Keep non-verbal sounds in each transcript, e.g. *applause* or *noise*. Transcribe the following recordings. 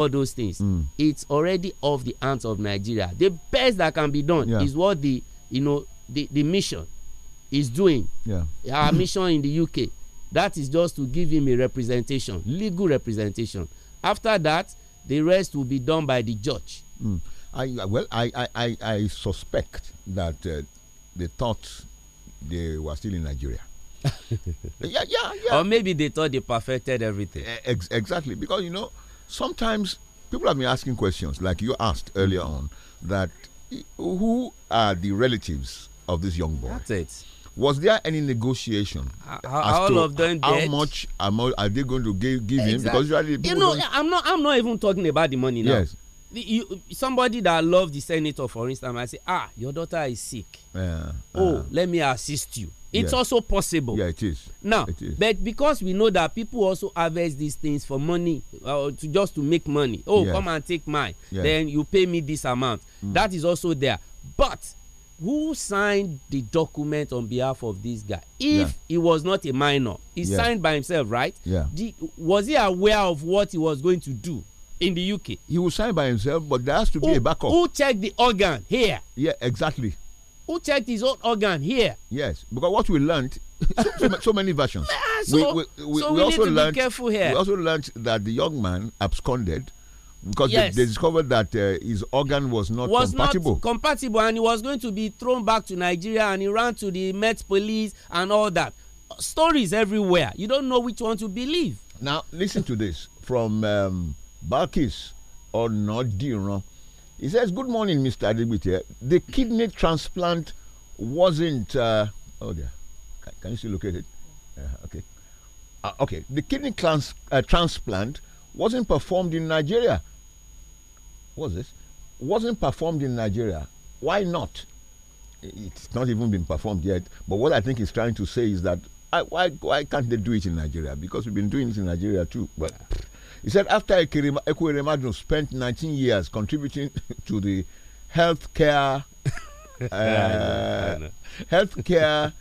all those things. Mm. It's already off the hands of Nigeria. The best that can be done yeah. is what the you know the, the mission is doing. Yeah. Our *clears throat* mission in the UK. That is just to give him a representation, legal representation. After that, the rest will be done by the judge. Mm. I well, I I, I, suspect that uh, they thought they were still in Nigeria. *laughs* yeah, yeah, yeah. Or maybe they thought they perfected everything. Uh, ex exactly, because you know sometimes people have been asking questions, like you asked earlier on, that who are the relatives of this young boy? That's it. Was there any negotiation? Uh, how, all of them how dead? much are they going to give, give exactly. him? Because usually you know, I'm not. I'm not even talking about the money now. Yes. You, somebody that loved the senator, for instance, I say, ah, your daughter is sick. Yeah, oh, uh, let me assist you. It's yeah. also possible. Yeah, it is. Now, it is. but because we know that people also harvest these things for money, uh, to just to make money. Oh, yeah. come and take mine. Yeah. Then you pay me this amount. Mm. That is also there. But who signed the document on behalf of this guy? If he was not a minor, he signed by himself, right? Yeah. The, was he aware of what he was going to do? in the UK. He will sign by himself, but there has to who, be a backup. Who check the organ here? Yeah, exactly. who checked his own organ here? Yes, because what we learned, so, so, many versions. *laughs* Ah, so, we, we, we, so we, also need to learned, be careful here. We also learned that the young man absconded because yes. they, they, discovered that uh, his organ was not was compatible. Not compatible, and he was going to be thrown back to Nigeria, and he ran to the Met police and all that. Stories everywhere. You don't know which one to believe. Now listen to this from um, Balkis Onodiran. He says, Good morning, Mr. Adibite. The kidney transplant wasn't. Uh, oh, dear. Can, can, you still locate it? Uh, okay. Uh, okay. The kidney trans uh, transplant wasn't performed in Nigeria. What's this? Wasn't performed in Nigeria. Why not? It's not even been performed yet. But what I think he's trying to say is that I, why, why can't they do it in Nigeria? Because we've been doing it in Nigeria too. But. He said after Ekweremadu spent 19 years contributing *laughs* to the healthcare *laughs* uh, healthcare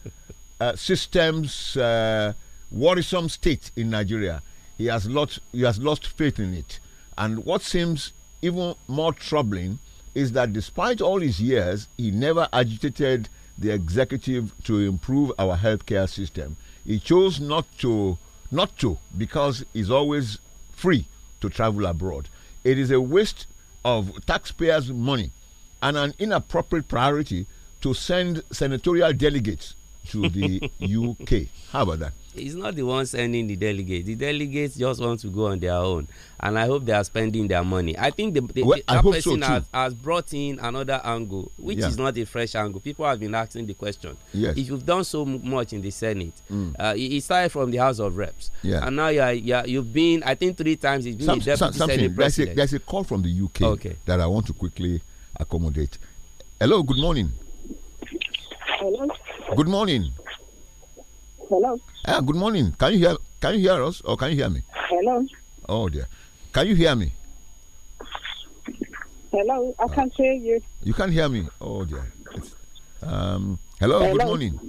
uh, systems uh, worrisome state in Nigeria. He has lost he has lost faith in it, and what seems even more troubling is that despite all his years, he never agitated the executive to improve our healthcare system. He chose not to not to because he's always free to travel abroad. It is a waste of taxpayers' money and an inappropriate priority to send senatorial delegates to the UK. *laughs* How about that? It's not the one sending the delegates. The delegates just want to go on their own, and I hope they are spending their money. I think the, the, well, that person so has, has, brought in another angle, which yeah. is not a fresh angle. People have been asking the question. Yes. If you've done so much in the Senate, mm. uh, it started from the House of Reps, yeah. and now you're, you're, you've been, I think, three times. It's been Some, deputy something. Senate there's a, there's a call from the UK okay. that I want to quickly accommodate. Hello, good morning. Hello. Good morning. Hello. Ah, good morning. Can you hear? Can you hear us, or can you hear me? Hello. Oh dear. Can you hear me? Hello. I ah. can't hear you. You can't hear me. Oh dear. um. Hello, hello. Good morning.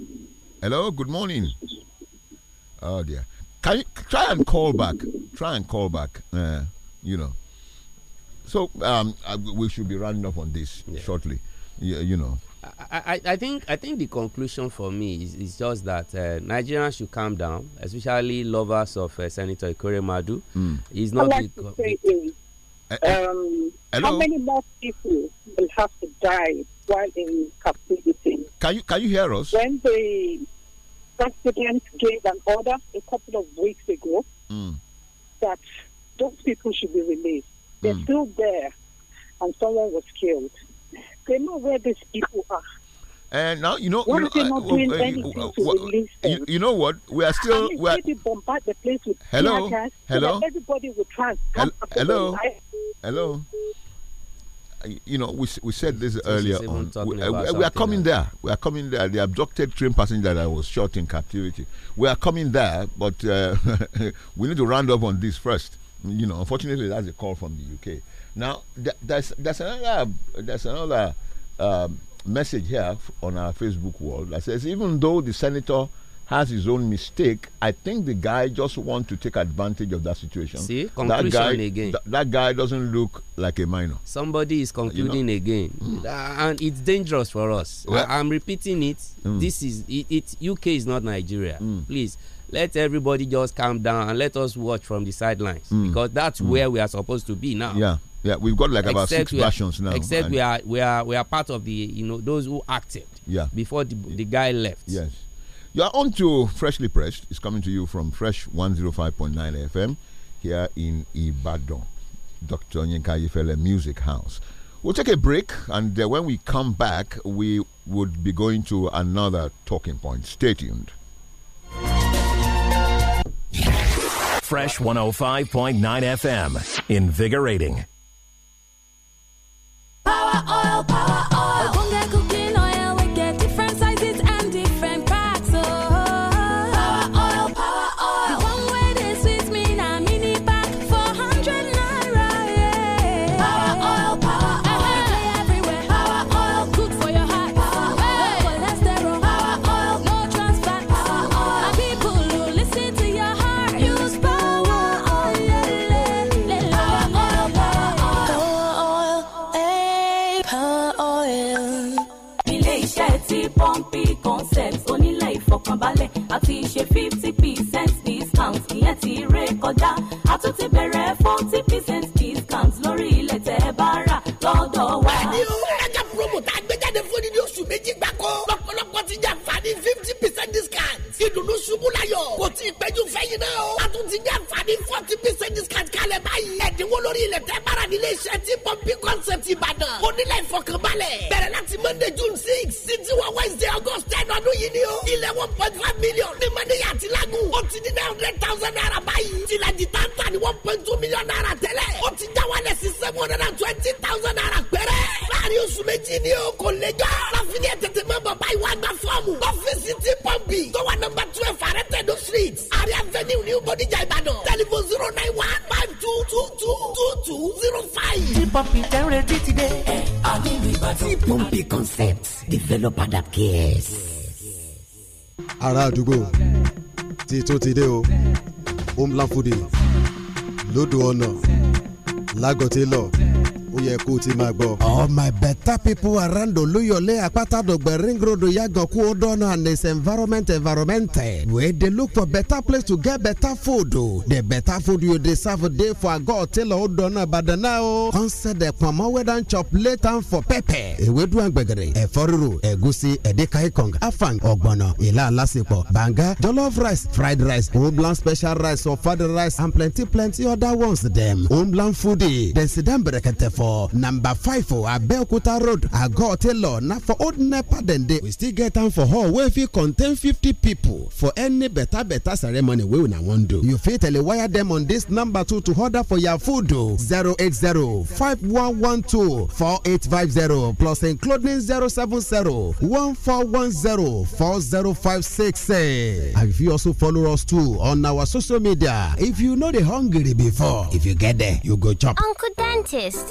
Hello. Good morning. Oh dear. Can you try and call back? Try and call back. Uh, you know. So um, I, uh, we should be running up on this yeah. shortly. Yeah. you know. I, I, I think I think the conclusion for me is, is just that uh, Nigerians should calm down, especially lovers of uh, Senator Ikore Madu. Mm. He's not. Like the, the, uh, eh. um, how many more people will have to die while in captivity? Can you can you hear us? When the president gave an order a couple of weeks ago mm. that those people should be released, they're mm. still there, and someone was killed they know where these people are. And now you know, Why you know, uh, uh, uh, you, uh, uh, you, know what? We are still. I we are, the place with hello, hello, hello. Everybody will trust. Hel hello, hello. Uh, you know, we we said this earlier on. We, we, are coming there. there. We are coming there. The abducted train passenger that was shot in captivity. We are coming there, but *laughs* we need to round up on this first. You know, unfortunately, that's a call from the UK. Now, there's, another, there's another um, message here on our Facebook wall that says, even though the senator has his own mistake, I think the guy just wants to take advantage of that situation. See, conclusion that guy, again. Th that guy doesn't look like a minor. Somebody is concluding you know? again, mm. uh, and it's dangerous for us. Well, I, am repeating it. Mm. This is it, it, UK is not Nigeria. Mm. Please let everybody just calm down and let us watch from the sidelines hmm. because that's hmm. where we are supposed to be now. Yeah yeah, we've got like about except six versions now. Except we are we are we are part of the you know those who acted. Yeah. Before the, the guy left. Yes. You are on to Freshly Pressed. It's coming to you from Fresh 105.9 FM here in Ibadan, Dr. Yinka Yifele Music House. We'll take a break, and uh, when we come back, we would be going to another talking point. Stay tuned. Fresh 105.9 FM, invigorating. ìfọ̀kànbalẹ̀ àti ṣe fifty percent discount ìyẹn ti ré kọjá a tún ti bẹ̀rẹ̀ forty percent discount lórí ilẹ̀ tẹ́ bá rà lọ́dọ̀ wa. ẹni o ẹ̀ka promo tá a gbé jáde fún ní oṣù méjì gbáko lọ́pọ̀lọpọ̀ ti jàǹfààní fifty ìdùnnú ṣubú láyọ̀ kò tí ì pẹ́jú fẹ́yìn náà o. a tún ti ní àǹfààní forty percent discount kalẹ̀ báyìí. ẹ̀dínwó lórí ilẹ̀ tẹ́ bára nílé iṣẹ́ tí pọ́ńpì concept ìbàdàn. onílẹ̀ ìfọkànbalẹ̀ bẹ̀rẹ̀ láti monday june six sí tiwọn wednesday august ten ọdún yìí ni o. ilẹ̀ one point five million ní mọ́ndéyà àti lágùn. ó ti di nine hundred thousand naira báyìí. tìlàjì táǹtà ni one point million naira tẹ́lẹ̀. ó ti já wálẹ̀ sí seven hundred and twenty thousand naira pẹ́rẹ́. láàrin oṣù méjì ni o kò lè jọ. láfi bàbá ìwà gba fọ́ọ̀mù. ọ́fíìsì ti pọ́ǹpì tó wà nọmba twelve àrẹ tẹ̀dó street àrẹ avenue body bodijà ìbàdàn tẹlifon zero nine one five two two two two two zero five. ti pọ́ǹpì tẹ́ ń retí ti dé. ẹ àmì ìbàdàn. ti pọ́ǹpì concepts developer that cares. ará àdúgbò tí tó ti dé o home land foodie lódò ọ̀nà lágọ̀tẹ́lọ̀ ó yẹ kó o ti máa gbọ́. all my better people around oluyole apatadogbe ring road yaganku odona and its environment environment wey dey look for better place to get better food o the better food you dey serve dey for agor tailor odona badana o concert the pọnmọ wey don chop late am for pepper ewedu and gbẹ̀gẹ̀rẹ̀ ẹ̀fọ́ rírò ẹ̀gúsí ẹ̀dẹ́ka ikong afang ogbono. Ila alásèpọ̀ banga jollof rice fried rice homeland special rice ofada rice and plenty plenty other ones dem homeland foodie. dey dem sit down bẹ̀rẹ̀kẹ̀tẹ̀ f for number five for abeokuta road agotelo Now for old nepa dem we still get am for hall wey you contain fifty people for any better, better ceremony We will not want to. you fit wire them on this number two to order for your food Do oh. zero eight zero five one one two four eight five zero plus including zero seven zero one four one zero four zero five six and you also follow us too on our social media if you know the hungry before if you get there you go chop uncle dentist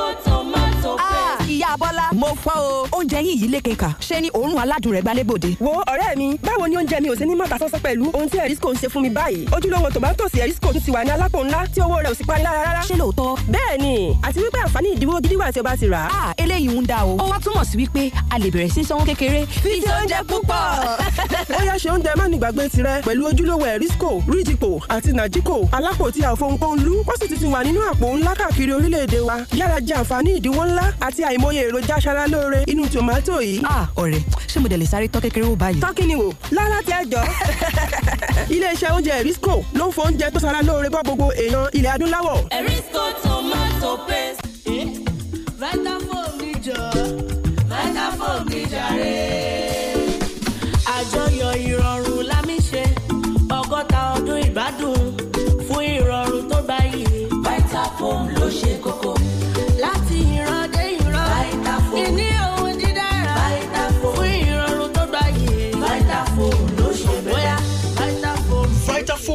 ìyá Bọ́lá mo fọ́ o oúnjẹ yín yìí lékè kà ṣé ni òórùn aládùn rẹ̀ gbalẹ́bòde. wo ọ̀rẹ́ mi báwo ni oúnjẹ mi ò ṣe ní mọ̀tà sọ́sọ́ pẹ̀lú ohun tí erisco ń ṣe fún mi báyìí ojúlówó tòmátòsì erisco tún ti wà ní alápò ńlá tí owó rẹ̀ ò sì parí lára rárá. ṣé lóòótọ́. bẹ́ẹ̀ ni àti wípé àǹfààní ìdíwọ́ gidi wà tí o bá ti rà. a ah, eléyìí ń da o. ó wá túmọ̀ sí wípé a lè bẹ̀rẹ̀ sí sanwó kékeré. fi ṣe oúnjẹ púpọ̀. *laughs* ó yá ṣe oúnjẹ má nígbàgbé tirẹ̀ pẹ̀lú ojúlówó erisco ríjìpò àti nàjíkò alápò tí èròjà aṣara lóore inú tòmátò yìí. a ọ̀rẹ́ ṣé mo dẹ̀ lè sáré tọ́ kékeré wò báyìí. tọ́kì ni wò lálá tí ẹ jọ. *laughs* iléeṣẹ́ oúnjẹ Erisco ló ń fọ oúnjẹ tó ṣara lóore bọ́ gbogbo èèyàn ilẹ̀ adúláwọ̀. Erisco tomato paste hmm? vitafoam níjọ vitafoam níjàre àjọyọ̀ ìrọ̀rùn lámì ọgọ́ta ọdún ìgbádùn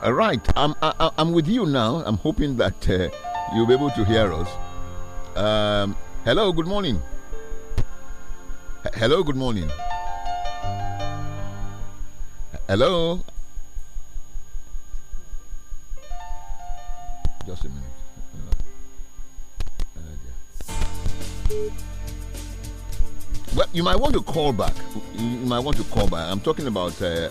All right, I'm, I, am i am with you now. I'm hoping that uh, you'll be able to hear us. Um, hello, good morning. H hello, good morning. Hello. Just a minute. Uh, uh, well, you might want to call back. You might want to call back. I'm talking about uh,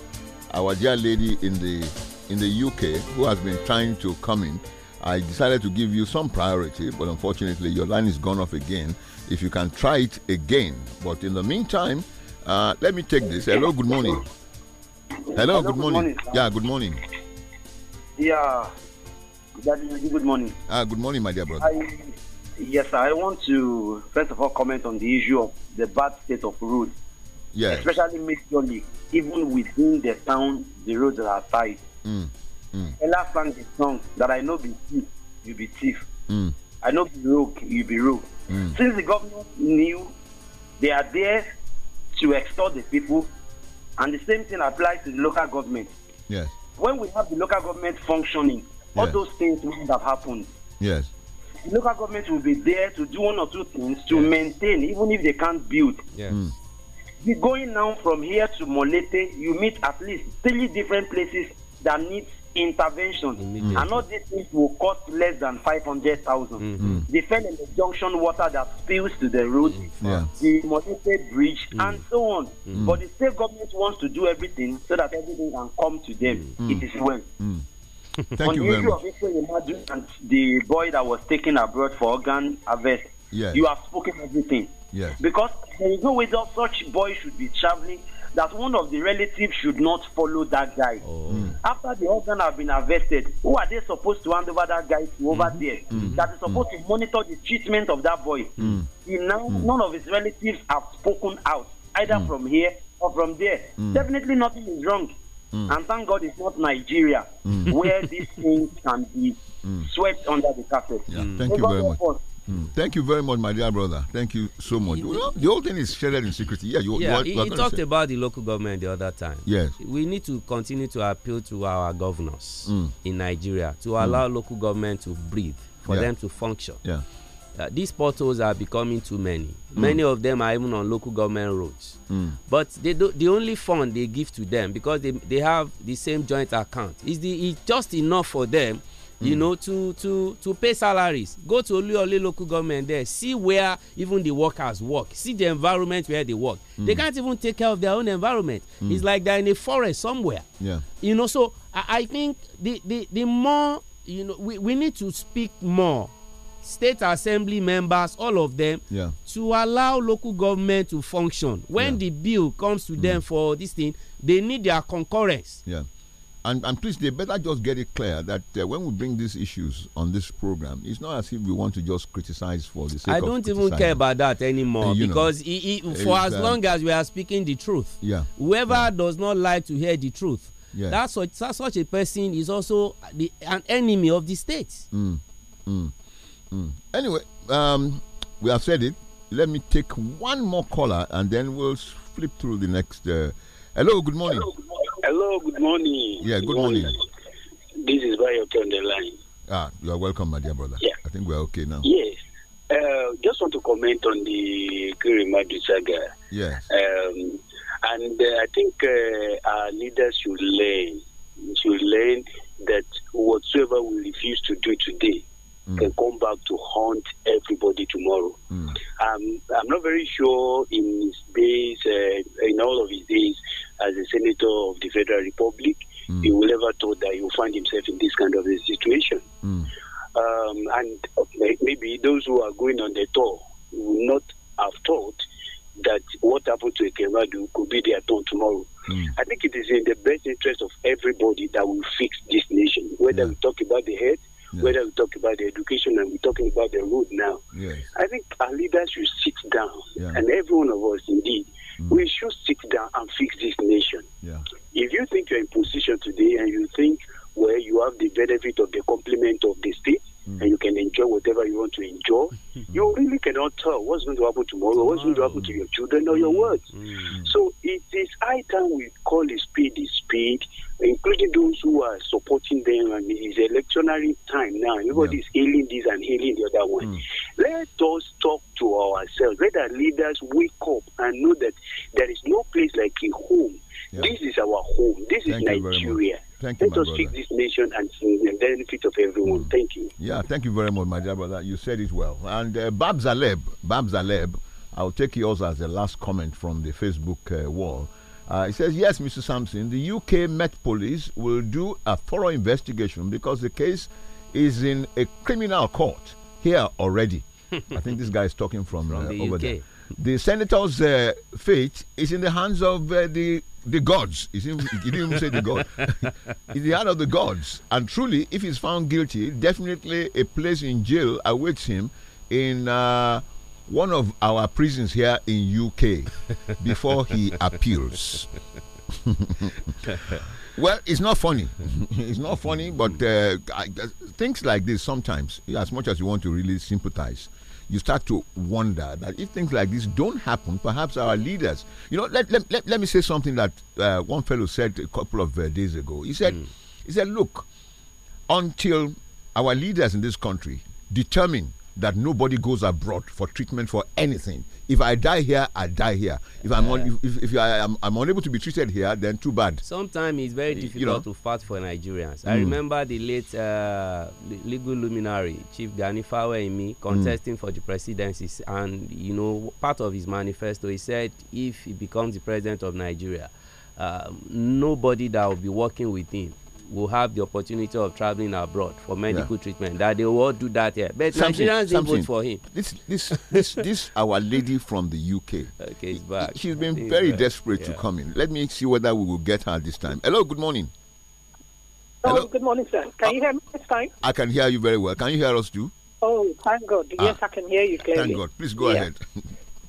our dear lady in the in the UK who has been trying to come in. I decided to give you some priority, but unfortunately, your line is gone off again. If you can try it again, but in the meantime, uh, let me take this. Hello, good morning. Hello, Hello good, morning. morning yeah, good morning. Yeah, that is good morning. Ah, good morning, my dear brother. I, yes, I want to first of all comment on the issue of the bad state of roads. Yes. Especially majorly, even within the town, the roads are tight mm. Mm. Ella sang the song that I know be thief, you be thief. Mm. I know be rogue, you be rogue. Mm. Since the government knew they are there to extort the people, and the same thing applies to the local government. Yes. When we have the local government functioning, all yes. those things would have happened. Yes. The local government will be there to do one or two things to yes. maintain, even if they can't build. Yes. Mm. We're going now from here to Molete, you meet at least three different places that needs intervention. Mm. And all these things will cost less than 500,000. Mm -hmm. Mm-hmm. The Fenelon Junction water that spills to the road, mm-hmm. yeah. the Modete Bridge, mm. and so on. Mm. But the state government wants to do everything so that everything can come to them. Mm. It is well. Mm. *laughs* Thank on you the much. of and the boy that was taken abroad for organ harvest, yes. you have spoken everything. Yes. Because there is no way that such boy should be traveling that one of the relatives should not follow that guy. Oh. Hmm. After the organ have been arrested, who are they supposed to hand over that guy to over hmm. there? Mm. That is supposed to monitor the treatment of that boy. Hmm. He now none of his relatives have spoken out, either from here or from there. Definitely nothing is wrong. And thank God it's not Nigeria where these things can be *laughs* swept under the carpet. Yeah. Thank you very much. Thank you very much, my dear brother. Thank you so much. well, the whole thing is shared in secrecy. Yeah, you, yeah, you, you, you talked say. about the local government the other time. Yes. We need to continue to appeal to our governors mm. in Nigeria to mm. allow local government to breathe, for yeah. them to function. Yeah. Uh, these portals are becoming too many. Mm. Many of them are even on local government roads. Mm. But they do, the only fund they give to them because they, they have the same joint account is the, it's just enough for them you know to to to pay salaries go to Oluole local government there see where even the workers work see the environment where they work mm. they can't even take care of their own environment mm. it's like they're in a forest somewhere yeah you know so I, I, think the, the the more you know we, we need to speak more state assembly members all of them yeah. to allow local government to function when yeah. the bill comes to mm. them for this thing they need their concurrence yeah and, and please, they better just get it clear that uh, when we bring these issues on this program, it's not as if we want to just criticize for the sake I don't even care about that anymore because know, for as uh, long as we are speaking the truth, yeah, whoever yeah. does not like to hear the truth, yeah. that's such, such a person is also the, an enemy of the state. Mm, mm, mm. Anyway, um, we have said it. Let me take one more caller and then we'll flip through the next. Uh, hello, good morning. Hello, good morning. Hello, good morning. Yeah, good, morning. This is Bayoke on the line. Ah, you are welcome, my dear brother. Yeah. I think we are okay now. Yes. Uh, just want to comment on the Madu saga. Yes. Um, and uh, I think uh, our leaders should learn, should learn that whatsoever we refuse to do today, mm. can come back to haunt everybody tomorrow. Mm. Um, I'm not very sure in his days, uh, in all of his days as a senator of the Federal Republic, mm. he will ever thought that he will find himself in this kind of a situation. Mm. Um, and uh, maybe those who are going on the tour will not have thought that what happened to Ekemadu could be their turn tomorrow. Mm. I think it is in the best interest of everybody that we fix this nation, whether yeah. we talk about the head, yeah. Whether we talk about the education and we're talking about the road now, yes. I think our leaders should sit down, yeah. and every one of us, indeed, mm. we should sit down and fix this nation. Yeah. If you think you're in position today and you think, well, you have the benefit of the complement of the state, mm. and you can enjoy whatever you want to enjoy. Mm-hmm. you really cannot tell what's going to happen tomorrow, what's going to happen to your children or your mm-hmm. words. So it is high time we call the speed the speed, including those who are supporting them. And it's electionary time now. Everybody yeah. is hailing this and hailing the other one. Mm. Let us talk to ourselves. Let our leaders wake up and know that there is no place like a home. Yeah. This is our home. This Thank is Nigeria. Thank you, Let us take this nation and the benefit of everyone. Mm. Thank you. Yeah, thank you very much, my dear brother. You said it well. And uh, Bab Zaleb, Bab Zaleb, I'll take yours as the last comment from the Facebook uh, wall. Uh, says, Yes, Mr. Sampson, the UK Met Police will do a thorough investigation because the case is in a criminal court here already. *laughs* I think this guy is talking from, from uh, the over UK. there the senator's uh, fate is in the hands of uh, the the gods. He didn't, he didn't even say the god. *laughs* in the hand of the gods. And truly, if he's found guilty, definitely a place in jail awaits him in uh, one of our prisons here in UK *laughs* before he appeals. *laughs* well, it's not funny. it's not funny, but uh, I, things like this sometimes, as much as you want to really sympathize, you start to wonder that if things like this don't happen, perhaps our leaders, you know, let, let, let, let me say something that uh, one fellow said a couple of uh, days ago. He said, mm. he said, look, until our leaders in this country determine that nobody goes abroad for treatment for anything. If I die here, I die here. If I'm on, if, if I am I'm unable to be treated here, then too bad. Sometimes it's very difficult you know? to fight for Nigerians. Mm. I hmm. remember the late uh, legal luminary Chief Gani Fawemi hmm. contesting mm. for the presidency, and you know part of his manifesto, he said if he becomes the president of Nigeria, uh, nobody that will be working with him will have the opportunity of traveling abroad for medical yeah. treatment that they will do that here but something, nigerians did vote for him this this this this our lady from the uk okay she's back she's been very back. desperate yeah. to come in let me see whether we will get her this time hello good morning oh, hello oh, good morning sir can uh, you hear me this time i can hear you very well can you hear us too oh thank god ah. yes ah, i can hear you clearly thank god please go yeah. ahead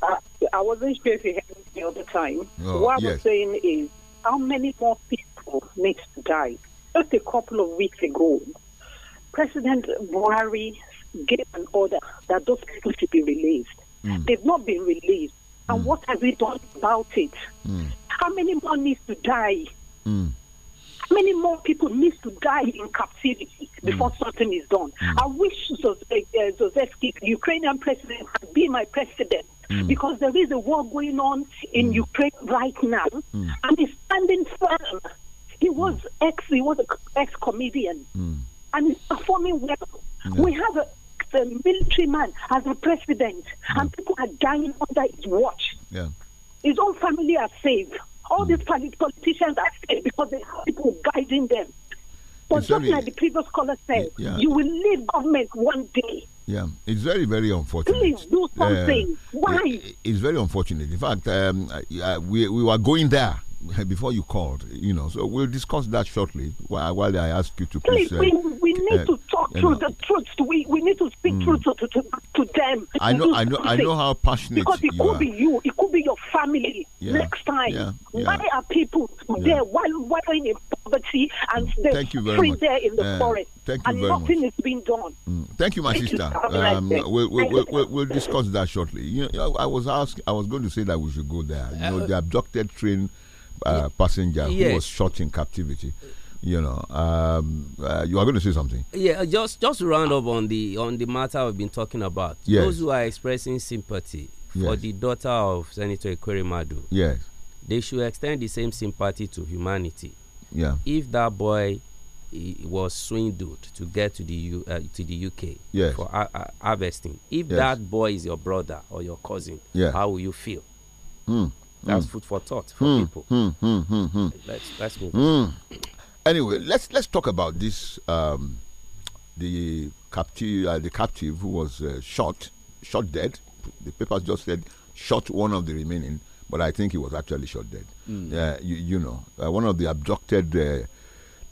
uh, *laughs* i wasn't sure if you heard me the other time oh, what i yes. was saying is how many more people need to die just a couple of weeks ago, President Buhari gave an order that those people should be released. Mm. They've not been released. And mm. what have we done about it? Mm. How many more needs to die? Hmm. How many more people need to die in captivity before hmm. something is done? Hmm. I wish eh, eh, Zosevsky, Ukrainian president, could be my president. Because there is a war going on in Ukraine right now, and he's standing firm he was ex, he was ex comedian, mm. and he's performing well. Yeah. We have a, military man as a president, mm. and hmm. people are dying under his watch. Yeah. His own family are safe. All mm. these politicians are safe because they have people guiding them. But it's just very, like the previous caller said, yeah. you will leave government one day. Yeah, it's very, very unfortunate. Please do something. Uh, Why? It, it's very unfortunate. In fact, um, uh, we, we were going there before you called, you know. So we'll discuss that shortly while, while I ask you to please. please uh, we, we uh, need uh, to talk through know. the truth. We, we need to speak mm. truth to, to, to, them. I know, I know, I know how passionate Because it could are. be you, it could be your family yeah. next time. Yeah. Yeah. Why are people there while wallowing in poverty and mm. they're free much. there in the uh, forest? Thank you and very nothing much. is being done. Mm. Thank you, my Thank sister. You um, right we'll, we'll, we'll, we'll, discuss that shortly. You know, I was asked, I was going to say that we should go there. You know, uh, the abducted train uh, passenger yes. who was shot in captivity you know um, uh, you are going to say something yeah just just round up on the on the matter we have been talking about yes. those who are expressing sympathy yes. for the daughter of senator Ikwerimadu, yes they should extend the same sympathy to humanity yeah if that boy was swindled to get to the U, uh, to the UK yes. for harvesting. If yes. that boy is your brother or your cousin, yeah. how will you feel? Mm. That's hmm. food for thought for hmm. people. Hmm, let's let's go. Anyway, let's let's talk about this. Um, the captive, uh, the captive who was uh, shot, shot dead. The papers just said shot one of the remaining, but I think he was actually shot dead. Mm. you, you, know, uh, one of the abducted uh,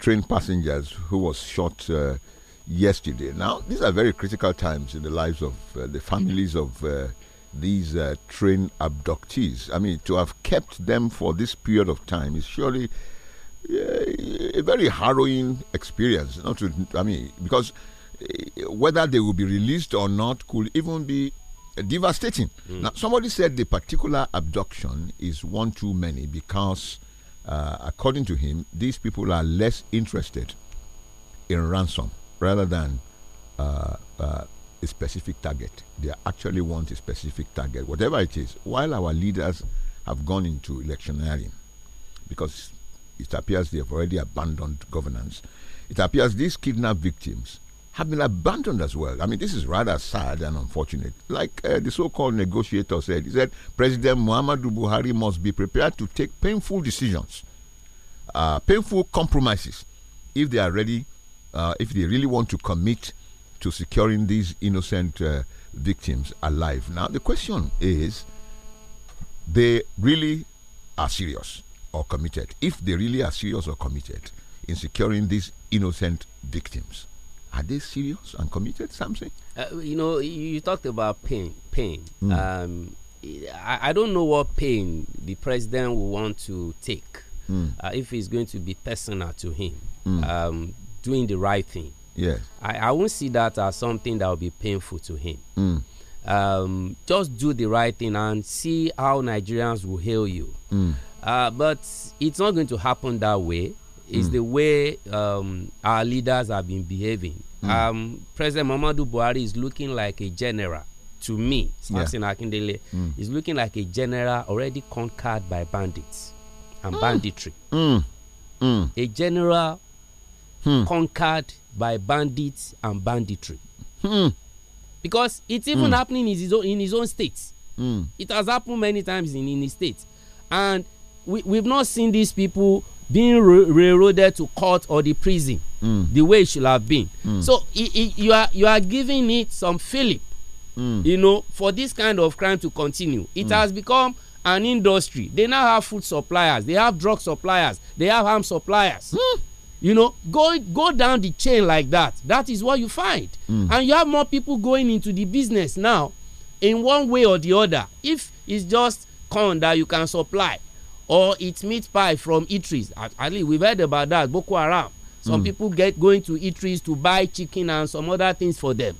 train passengers who was shot uh, yesterday. Now, these are very critical times in the lives of the families of these uh, train abductees. I mean, to have kept them for this period of time is surely uh, a very harrowing experience. Not to, I mean, because eh, whether they will be released or not could even be devastating. Mm. Now, somebody said the particular abduction is one too many because, uh, according to him, these people are less interested in ransom rather than uh, uh, a specific target. They actually want a specific target, whatever it is. While our leaders have gone into electioneering, because it appears they have already abandoned governance, it appears these kidnapped victims have been abandoned as well. I mean, this is rather sad and unfortunate. Like uh, the so called negotiator said, he said, President Muhammadu Buhari must be prepared to take painful decisions, uh, painful compromises, if they are ready, uh, if they really want to commit to securing these innocent uh, victims alive. Now, the question is they really are serious or committed. If they really are serious or committed in securing these innocent victims, are they serious and committed, Something. Uh, you know, you talked about pain. Pain. Mm. Um, I, I, don't know what pain the president will want to take mm. uh, if it's going to be personal to him, mm. um, doing the right thing. Yes. I, I won't see that as something that will be painful to him. Mm. Um, just do the right thing and see how Nigerians will hail you. Mm. Uh, but it's not going to happen that way. It's mm. the way um, our leaders have been behaving. Mm. Um, President Muhammadu Buhari is looking like a general to me, Samson yeah. Akindele, mm. looking like a general already conquered by bandits and mm. banditry. Mm. Mm. A general hmm. conquered by bandits and banditry. Hmm. Because it's even hmm. happening in his own, in his own state. Hmm. It has happened many times in, in his state. And we, we've not seen these people being railroaded to court or the prison mm. the way it should have been. Mm. So you are you are giving it some fillip, mm. you know, for this kind of crime to continue. It hmm. has become an industry. They now have food suppliers, they have drug suppliers, they have arms suppliers you know go go down the chain like that that is what you find mm. and you have more people going into the business now in one way or the other if it's just corn that you can supply or it's meat pie from eateries at, at least we've heard about that boko haram some mm. people get going to eateries to buy chicken and some other things for them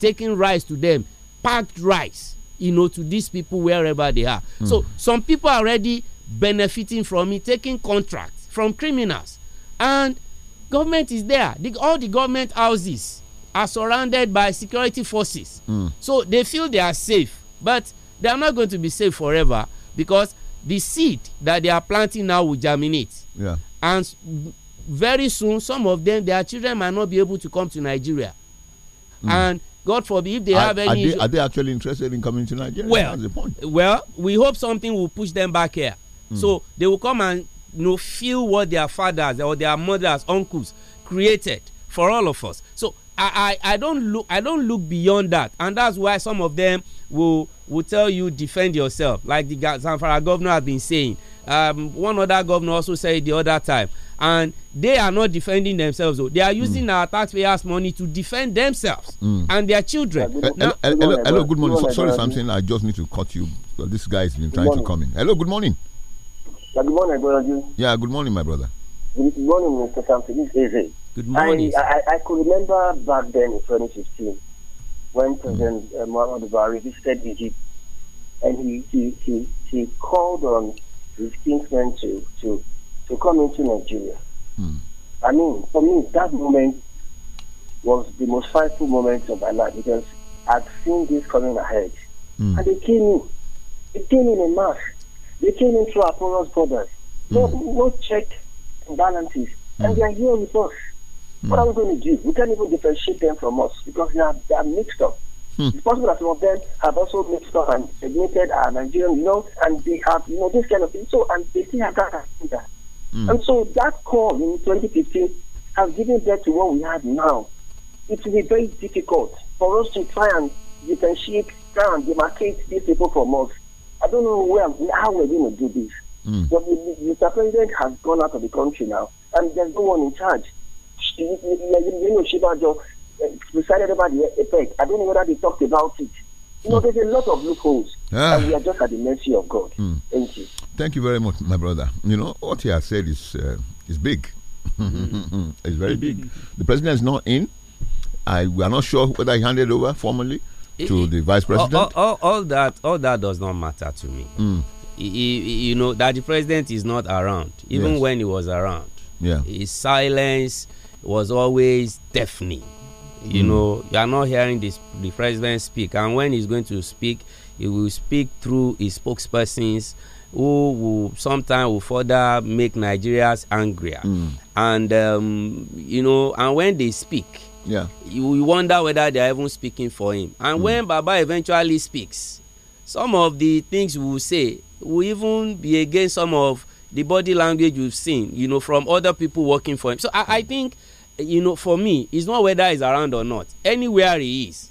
taking rice to them packed rice you know to these people wherever they are mm. so some people are already benefiting from it taking contracts from criminals and government is there the, all the government houses are surrounded by security forces mm. so they feel they are safe but they are not going to be safe forever because the seed that they are planting now will germinate yeah. and very soon some of them their children might not be able to come to nigeria mm. and god forbid if they are, have any are they, are they, actually interested in coming to nigeria well well we hope something will push them back here mm. so they will come and no, know, feel what their fathers or their mothers, uncles created for all of us. So I, I, I don't look I don't look beyond that, and that's why some of them will will tell you defend yourself, like the Zamfara governor has been saying. Um, one other governor also said the other time, and they are not defending themselves. Though. They are using mm. our taxpayers' money to defend themselves mm. and their children. Hello, now, hello, hello, good morning. Sorry, something. I just need to cut you. This guy has been trying to come in. Hello, good morning. Yeah, good morning, brother. Yeah, good morning, my brother. Good morning, Mr. Samson. Good morning. I, I, I, could remember back then in 2015 when mm. President uh, Muhammad Buhari visited Egypt and he, he, he, he called on his kinsmen to, to, to come into Nigeria. Mm. I mean, for me, that moment was the most frightful moment of my life because I'd seen this coming ahead. Mm. And they came in. They came in a mass. They came into our porous borders. No, mm. no check and balances. Mm. And hmm. they are here with us. Mm. What hmm. are we going to do? We can't even differentiate them from us because they are, they are mixed up. Mm. It's possible that some of them have also mixed up and segmented our uh, Nigerian, you know, and they have, you know, this kind of thing. So, and they still have that agenda. Mm. And so that call in 2015 has given birth to what we have now. It will be very difficult for us to try and differentiate, try and demarcate these people from us. I don't know where, how we're going to do this. Mm. But the, the president has gone out of the country now, and there's no one in charge. you, know, know, Joe eh, presided over the effect. I don't know whether they talked about it. You know, hmm. there's a lot of loopholes, ah. and we are just at the mercy of God. Mm. Thank you. Thank you very much, my brother. You know what he has said is uh, is big. Hmm. *laughs* it's very big. The president is not in. I we are not sure whether he handed over formally to it, the vice president? All, all, all, that, all that does not matter to me. Mm. He, you know that the president is not around, even yes. when he was around. Yeah. His silence was always deafening. You mm. know, you are not hearing this, the president speak, and when he's going to speak, he will speak through his spokespersons who will sometimes will further make Nigerians angrier. Mm. And um, you know, and when they speak, yeah. you, wonder whether they are even speaking for him. And mm. when Baba eventually speaks, some of the things we will say will even be against some of the body language we've seen, you know, from other people working for him. So I, I think, you know, for me, it's not whether he's around or not. Anywhere he is,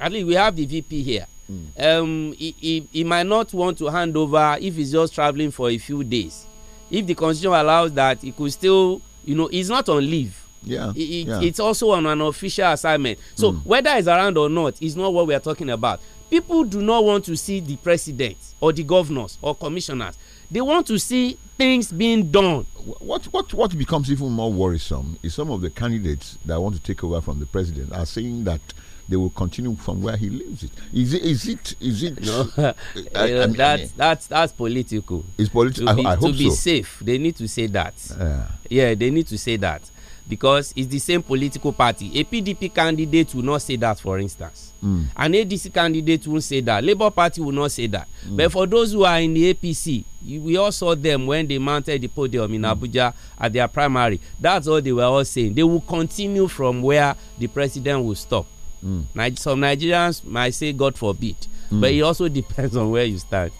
at least we have the VP here. Mm. Um, he, he, he might not want to hand over if he's just traveling for a few days. If the constitution allows that, he could still, you know, he's not on leave Yeah, it, yeah. It's also on an official assignment. So mm. whether it's around or not is not what we are talking about. People do not want to see the president or the governors or commissioners. They want to see things being done. What what what becomes even more worrisome is some of the candidates that want to take over from the president are saying that they will continue from where he leaves it. Is it is it is it? No, *laughs* *laughs* I, that's I mean, that's that's political. It's political. I be, I, to be safe, they need to say that. Yeah. yeah, they need to say that because it's the same political party. A PDP candidate will not say that, for instance. Mm. An ADC candidate will say that. Labour Party will not say that. Mm. But for those who are in the APC, we all saw them when they mounted the podium in mm. Abuja at their primary. That's all they were all saying. They will continue from where the president will stop. Mm. Some Nigerians might say, God forbid. Mm. But it also *laughs* depends on where you start.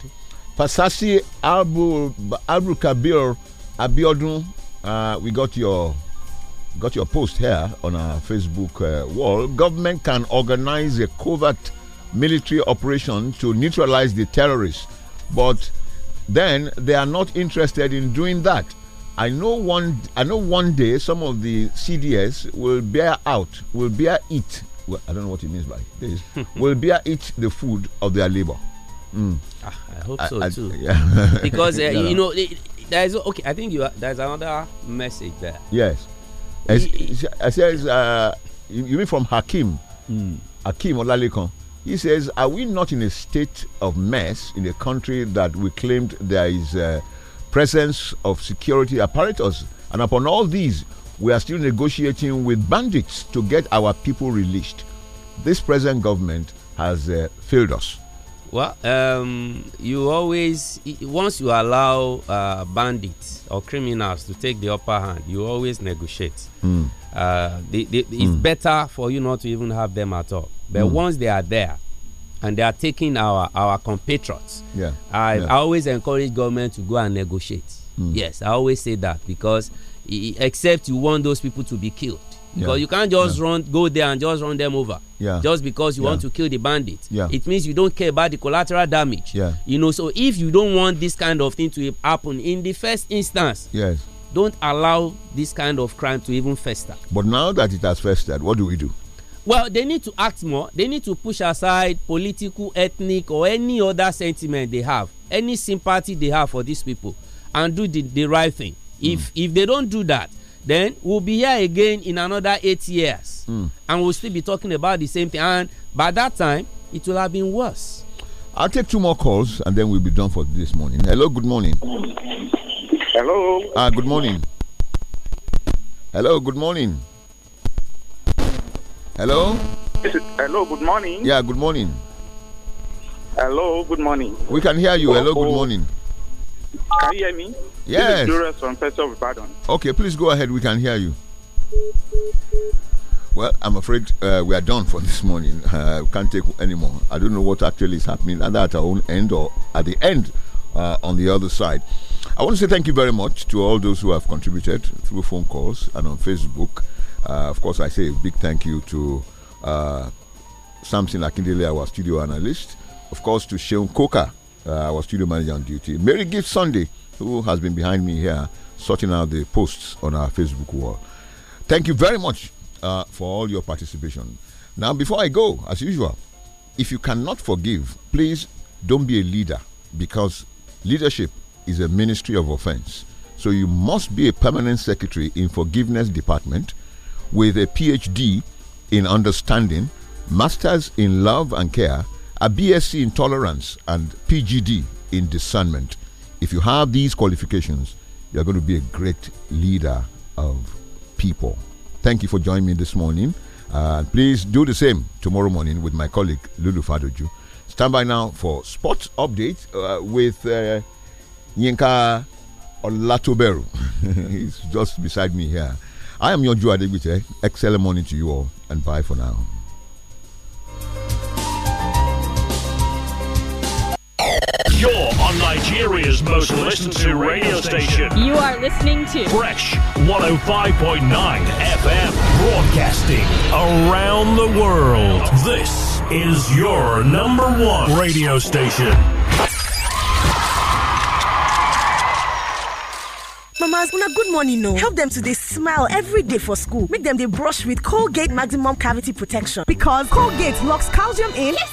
Fasasi Abu, Abu Kabir Abiodun, uh, we got your got your post here on our Facebook uh, wall. Government can organize a covert military operation to neutralize the terrorists, but then they are not interested in doing that. I know one. I know one day some of the CDS will bear out, will bear it. Well, I don't know what it means by this. Hmm. *laughs* will bear it the food of their labor. Mm. I hope so I, too. Yeah. because *laughs* uh, yeah. you know, there's okay. I think you there's another message there. Yes I says, uh, you, you mean from Hakim? Mm. Hakim Olalekan. He says, Are we not in a state of mess in a country that we claimed there is a uh, presence of security apparatus? And upon all these, we are still negotiating with bandits to get our people released. This present government has uh, failed us. Well, um, you always once you allow uh, bandits or criminals to take the upper hand, you always negotiate. Mm. Uh, they, they, mm. It's hmm. better for you not to even have them at all. But mm. once they are there, and they are taking our our compatriots, yeah. I, yeah. I always encourage government to go and negotiate. Hmm. Yes, I always say that because except you want those people to be killed because you can't just run, go there and just run them over. Yeah. Just because you want to kill the bandit. Yeah. It means you don't care about the collateral damage. Yeah. You know, so if you don't want this kind of thing to happen in the first instance, yes. don't allow this kind of crime to even fester. But now that it has festered, what do we do? well they need to act more they need to push aside political ethnic or any other sentiment they have any sympathy they have for these people and do the, the right thing mm. if hmm. if they don't do that then we'll be here again in another eight years mm. and we'll still be talking about the same thing and by that time it will have been worse i'll take two more calls and then we'll be done for this morning hello good morning hello uh, good morning hello good morning hello hello good morning yeah good morning hello good morning we can hear you hello good oh. morning can you hear me? Yes. This is from First of Pardon. Okay, please go ahead. We can hear you. Well, I'm afraid uh, we are done for *laughs* this morning. Uh, we can't take any more. I don't know what actually is happening, either at our own end or at the end uh, on the other side. I want to say thank you very much to all those who have contributed through phone calls and on Facebook. Uh, of course, I say a big thank you to Samson uh, Akindele, our studio analyst. Of course, to Sheon Koka, uh, studio manager on duty. Mary Gift Sunday, who has been behind me here, sorting out the posts on our Facebook wall. Thank you very much uh, for all your participation. Now, before I go, as usual, if you cannot forgive, please don't be a leader because leadership is a ministry of offense. So you must be a permanent secretary in forgiveness department with a PhD in understanding, masters in love and care, a BSc in tolerance and PGD in discernment. If you have these qualifications, you're going to be a great leader of people. Thank you for joining me this morning. Uh, please do the same tomorrow morning with my colleague Lulu Fadoju. Stand by now for sports update uh, with uh, Yinka Olatoberu. *laughs* He's just beside me here. I am your Joe Adegbite. Excellent morning to you all, and bye for now. on Nigeria's most listened to radio station. You are listening to Fresh 105.9 FM, broadcasting around the world. This is your number one radio station. Mamas, una good morning, no. Help them to they smile every day for school. Make them they brush with Colgate Maximum Cavity Protection because Colgate locks calcium in. Yes,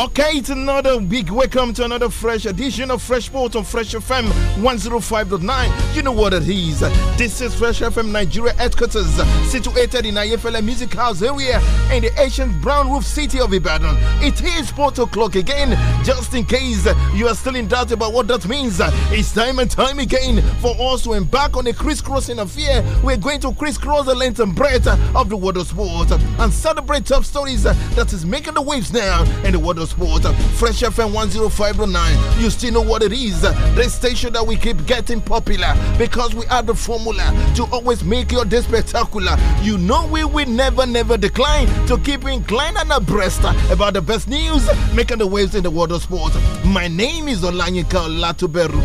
Okay, it's another big welcome to another fresh edition of Fresh Port on Fresh FM 105.9. You know what it is. This is Fresh FM Nigeria headquarters, situated in IFLA Music House area in the ancient brown roof city of Ibadan. It is 4 o'clock again. Just in case you are still in doubt about what that means, it's time and time again for us to embark on a crisscrossing affair. We're going to crisscross the length and breadth of the world of and celebrate top stories that is making the waves now in the world of Sport, Fresh FM 105.9. You still know what it is. The station that we keep getting popular because we are the formula to always make your day spectacular. You know we will never, never decline to keep inclined and abreast about the best news making the waves in the world of sports. My name is Olanyika Latuberu.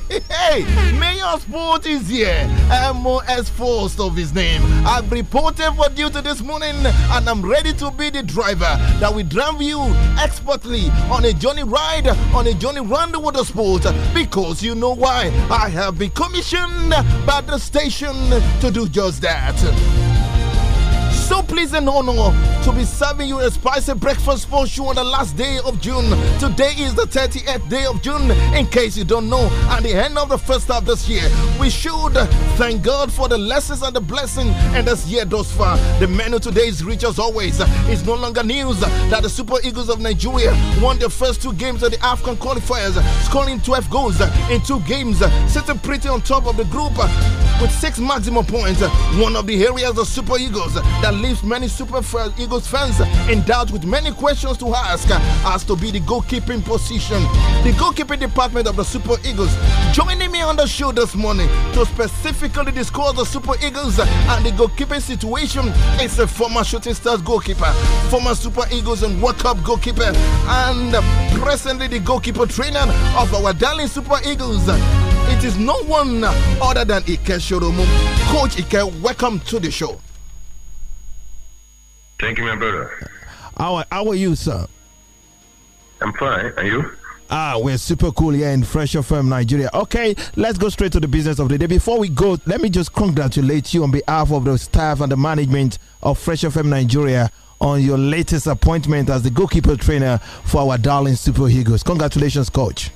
*laughs* hey, Mayor Sport is here. MOS Force of his name. I've reported for duty this morning and I'm ready to be the driver that will drive you expertly on a journey ride, on a journey round with the sport, because you know why. I have been commissioned by the station to do just that so pleased and honored to be serving you a spicy breakfast for you on the last day of June. Today is the 30th day of June, in case you don't know. At the end of the first half this year, we should thank God for the lessons and the blessing and this year thus far. The menu today is rich as always. It's no longer news that the Super Eagles of Nigeria won their first two games of the AFCON qualifiers, scoring 12 goals in two games, sitting pretty on top of the group with six maximum points. One of the areas the Super Eagles that leaves many Super Eagles fans in doubt with many questions to ask as to be the goalkeeping position. The goalkeeping department of the Super Eagles joining me on the show this morning to specifically discuss the Super Eagles and the goalkeeping situation is a former Shooting Stars goalkeeper, former Super Eagles and World Cup goalkeeper, and presently the goalkeeper trainer of our darling Super Eagles. It is no one other than Ike Shoromu. Coach Ike, welcome to the show. Thank you, my brother. How, how are you, sir? I'm fine. Are you? Ah, we're super cool here in Fresh FM Nigeria. Okay, let's go straight to the business of the day. Before we go, let me just congratulate you on behalf of the staff and the management of Fresh FM Nigeria on your latest appointment as the goalkeeper trainer for our darling Super Eagles. Congratulations, coach.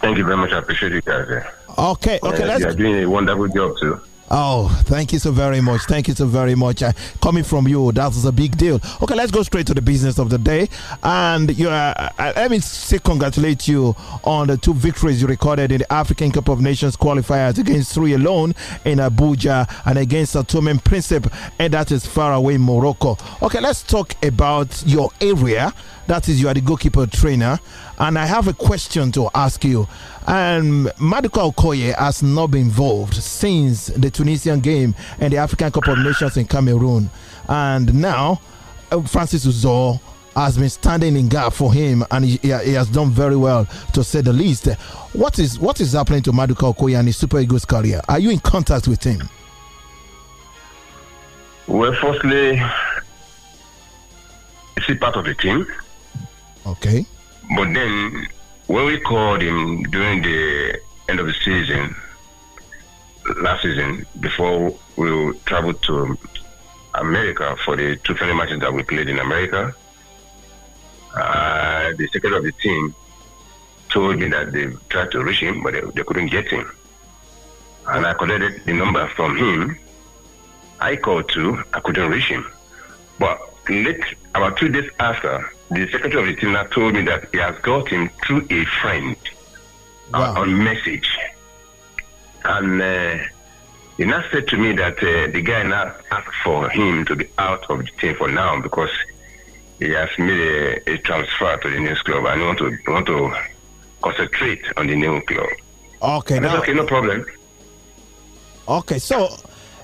Thank you very much. I appreciate you guys. Yeah. Okay, okay, uh, let's. You're doing a wonderful job too. Oh, thank you so very much. Thank you so very much. Uh, coming from you, that was a big deal. Okay, let's go straight to the business of the day. And you, uh, uh, let me say congratulate you on the two victories you recorded in the African Cup of Nations qualifiers against three alone in Abuja and against Atomen Princip, and that is far away Morocco. Okay, let's talk about your area. That is, you are the goalkeeper trainer. And I have a question to ask you. Um, Maduka Okoye has not been involved since the Tunisian game and the African Cup of Nations in Cameroon. And now, uh, Francis Uzor has been standing in gap for him, and he, he, has done very well, to say the least. What is what is happening to Maduka Okoye and his Super Eagles career? Are you in contact with him? Well, firstly, is he part of the team? Okay. But then, when we called him during the end of the season, last season, before we traveled to America for the two friendly matches that we played in America, uh, the secretary of the team told me that they tried to reach him, but they, they couldn't get him. And I collected the number from him. I called too, I couldn't reach him. But late, about two days after, the secretary of the team told me that he has got him through a friend uh, wow. uh, on message. And uh, he now said to me that uh, the guy now asked for him to be out of the team for now because he has made a, a transfer to the new club and he want to want to concentrate on the new club. Okay, now, okay, no problem. Okay, so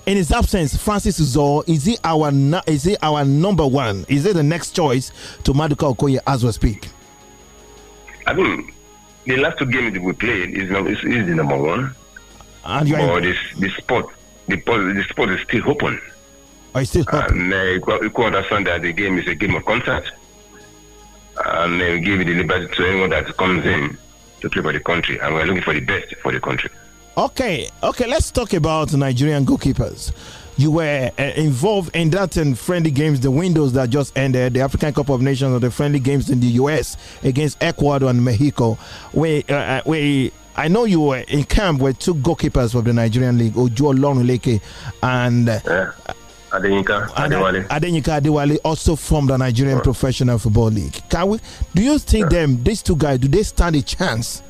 in his absence, Francis Uzor, is he our is he our number one? Is he the next choice to Maduka Okoye as we speak? I mean, the last two games we played is, is, is the number one. And you but this the spot the, the spot is still open. Oh, I still open. And you could understand that the game is a game of contact, and uh, give the liberty to anyone that comes in to play for the country, and we're looking for the best for the country. Okay, okay, let's talk about Nigerian goalkeepers. You were uh, involved in that and friendly games, the windows that just ended, the African Cup of Nations, or the friendly games in the US against Ecuador and Mexico. We, uh, uh, we, I know you were in camp with two goalkeepers from the Nigerian league, Ojo Lonuleke and. Uh, yeah. Adenika Adewale. Adenika Adewale also from the Nigerian yeah. Professional Football League. Can we? Do you think yeah. them these two guys do they stand a chance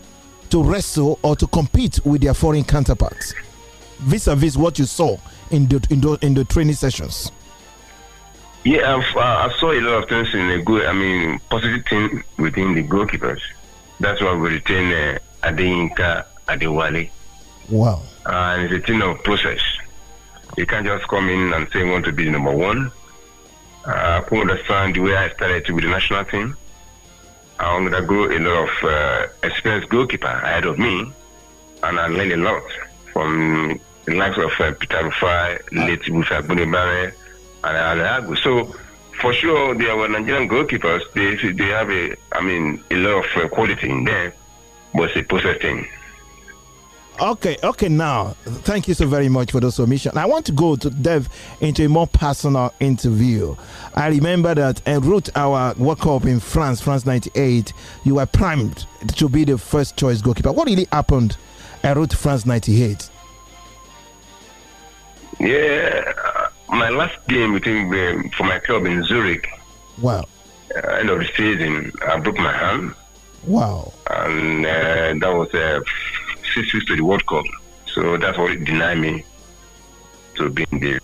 to wrestle or to compete with their foreign counterparts vis-a-vis what you saw in the in the, in the training sessions yeah I've, uh, i saw a lot of things in the good i mean positive thing within the goalkeepers that's why we retain uh, Adeyinka Adewale wow and it's a thing of process you can't just come in and say you want to be number one uh, I understand the way I started with the national team I undergo a lot of uh, experienced goalkeeper ahead of me, and I learned a lot from the likes of uh, Peter Rufai, ah. late Bufa Bunibare, and Alago. So, for sure, there are Nigerian goalkeepers. They they have a, I mean, a lot of uh, quality in them, but it's a process thing. Okay, okay. Now, thank you so very much for the submission. I want to go to Dev into a more personal interview. I remember that en uh, route our World Cup in France, France '98, you were primed to be the first choice goalkeeper. What really happened en route France '98? Yeah, my last game with him um, for my club in Zurich. Wow. Uh, end of the season, I broke my hand. Wow. And uh, that was. Uh, to the World Cup. So that's what denied me to be in the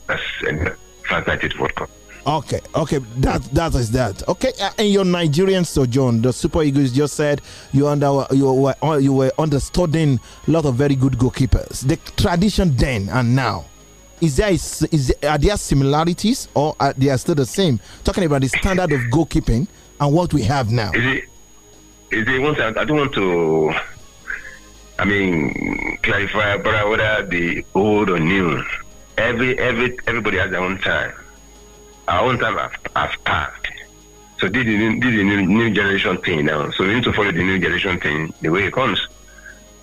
United uh, World Cup. Okay, okay, that that is that. Okay, uh, and your Nigerian sojourn, the Super Eagles just said you under you were uh, you were understudying a lot of very good goalkeepers. The tradition then and now, is there is, is are there similarities or are they are still the same? Talking about the standard of goalkeeping and what we have now. Is it, is it once I, I don't want to I mean, clarify, but whether the old or new, every every everybody has their own time. Our own time has, has passed. So this is, this is new, new, generation thing now. So we need to follow the new generation thing the way it comes.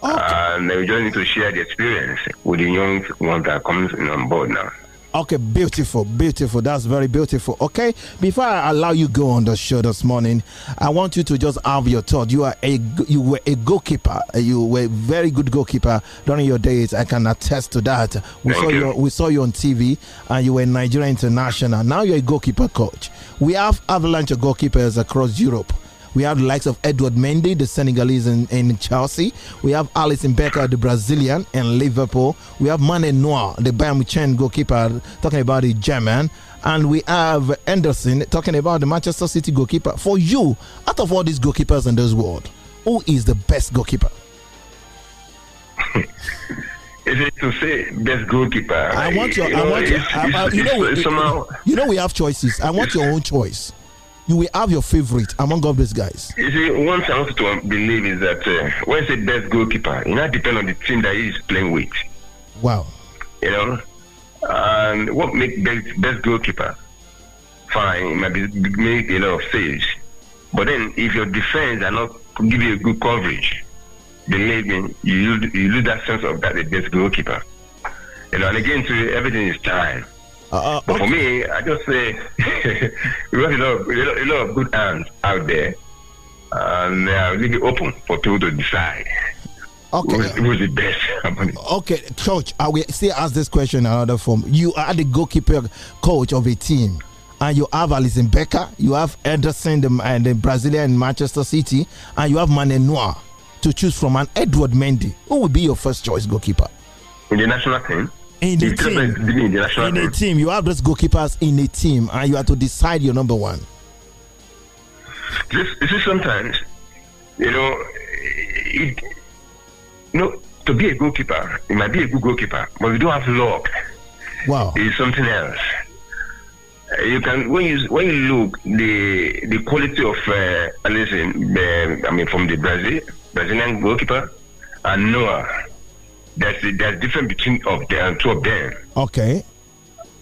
Okay. And we just need to share the experience with the young ones that are coming on board now. Okay, beautiful, beautiful. That's very beautiful. Okay, before I allow you go on the show this morning, I want you to just have your thought. You are a you were a goalkeeper. You were a very good goalkeeper during your days. I can attest to that. We Thank saw you. Your, we saw you on TV, and you were Nigeria international. Now you're a goalkeeper coach. We have avalanche of goalkeepers across Europe. We have the likes of Edward Mendy, the Senegalese in, in Chelsea. We have Alison Becker, the Brazilian, in Liverpool. We have Mane Noir, the Bayern Munich goalkeeper, talking about the German and we have Anderson talking about the Manchester City goalkeeper. For you, out of all these goalkeepers in this world, who is the best goalkeeper? *laughs* Is it to say best goalkeeper? I want your, I want your, you know, you know, we have choices. I want your own choice you will have your favorite among all these guys. You see, one thing I want to believe is that uh, when it's say best goalkeeper, it now depends on the team that he is playing with. Wow. You know, and what makes best, best goalkeeper? Fine, maybe make a lot of saves, but then if your defense are not give you a good coverage, believe me, you lose, you lose that sense of that the best goalkeeper. You know, and again, everything is time uh, but for me, I just say *laughs* we have a lot, of, a lot of good hands out there, and they uh, leave it open for people to decide. Okay. Who's, who's the best? *laughs* okay, coach. I will still ask this question in another form. You are the goalkeeper coach of a team, and you have Alison Becker, you have Ederson, the, and the Brazilian in Manchester City, and you have Mane Noir to choose from, and Edward Mendy. Who will be your first choice goalkeeper? In the national team in the team. in a team, you have those goalkeepers in a team, and you have to decide your number one. This, this is sometimes, you know, it, you know, to be a goalkeeper, you might be a good goalkeeper, but you don't have luck. Wow, it's something else. You can when you when you look the the quality of uh, listen, uh, um, I mean from the Brazil Brazilian goalkeeper and Noah there's a, there's difference between of them two of them. Okay.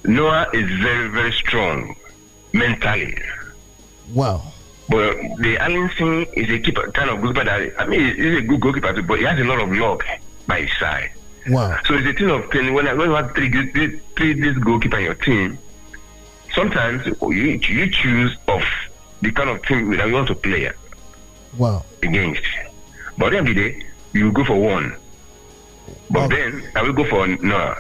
Noah is very very strong mentally. Wow. But the Allenson is a keeper, kind of goalkeeper that I mean he's a good goalkeeper, too, but he has a lot of luck by his side. Wow. So it's a thing of ten. When, I, when you have three, three, three this goalkeeper in your team, sometimes you you choose of the kind of team that you want to play. Wow. Against, but at the end of the day, you go for one. But okay. Oh. then I will go for Noah.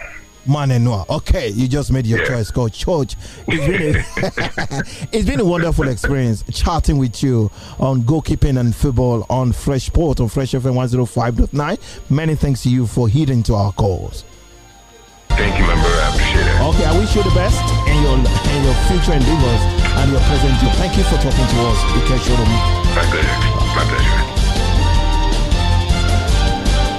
Man and Noah. Okay, you just made your yeah. choice, Coach. church. it's been, a, *laughs* it's been a wonderful experience chatting with you on goalkeeping and football on Fresh Port on Fresh FM 105.9. Many thanks to you for heeding to our calls. Thank you, member. I appreciate it. Okay, I wish you the best in your in your future endeavors and your present. Thank you for talking to us, Ike Shorum. My pleasure. My pleasure.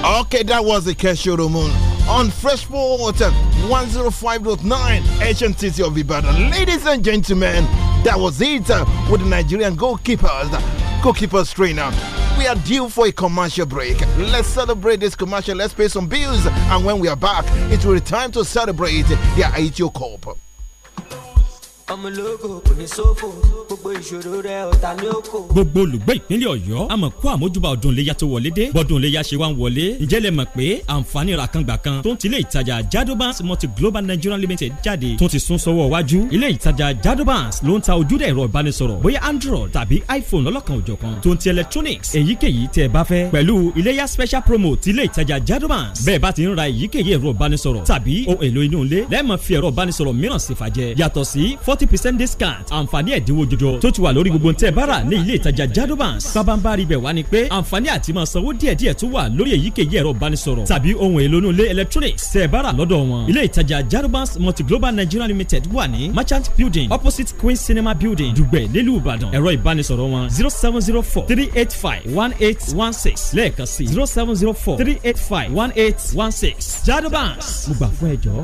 Okay, that was the Kesho moon on Fresh Port 105.9 Ancient City of Ibadan. Ladies and gentlemen, that was it uh, with the Nigerian goalkeepers, uh, goalkeepers trainer. We are due for a commercial break. Let's celebrate this commercial. Let's pay some bills. And when we are back, it will be time to celebrate the Aitio Cup. ọmọlógo kò ní sófò gbogbo ìṣòro rẹ ọ̀tá ní oko. gbogbo olùgbé ìpínlẹ̀ ọ̀yọ́ a mọ̀ kó àmójúbà ọdún iléyà tó wọlé dé bọ́dún iléyà ṣe wá ń wọlé ǹjẹ́ lẹ mọ̀ pé àǹfààní ràkàngbà kan tó ń tilé ìtajà jadobans multi global nigeria limited jáde tó ti sún sọ́wọ́ wájú ilé ìtajà jadobans ló ń ta ojúde ẹ̀rọ ìbánisọ̀rọ̀ bóyá android tàbí iphone lọ́lọ́kan òjọ̀kan tó ń ti electronics èyíkéyìí tẹ́ ẹ bá fẹ́ pẹ̀lú iléyà special promo ti ilé ìtajà jadobans bẹ́ẹ̀ bá ti ń ra èyíkéyìí ẹ̀rọ ìbánisọ̀rọ̀ tàbí ohun èlò inú ilé lẹ́ẹ̀mọ̀ fi ẹ̀rọ forty percent discount àǹfààní ẹ̀dínwó jọjọ tó ti wà lórí gbogbo ntẹ́ bára ní ilé ìtajà jadobans bábánbárì bẹ̀ wá ni pé àǹfààní àti máa sanwó díẹ̀díẹ̀ tó wà lórí èyíkéyìí ẹ̀rọ ìbánisọ̀rọ̀ tàbí ohun èlò inú ilé electronics tẹ́ bára lọ́dọ̀ wọn ilé ìtajà jadobans multiglobal nigeria limited wà ní merchant building opposite queen cinema building dùgbẹ̀ nílùú ìbàdàn ẹ̀rọ ìbánisọ̀rọ̀ wọn zero seven zero four three eight five one eight one six lẹ́ẹ̀kan sí zero seven zero four three eight five one eight one six jadobans mo gbà fún ẹjọ́.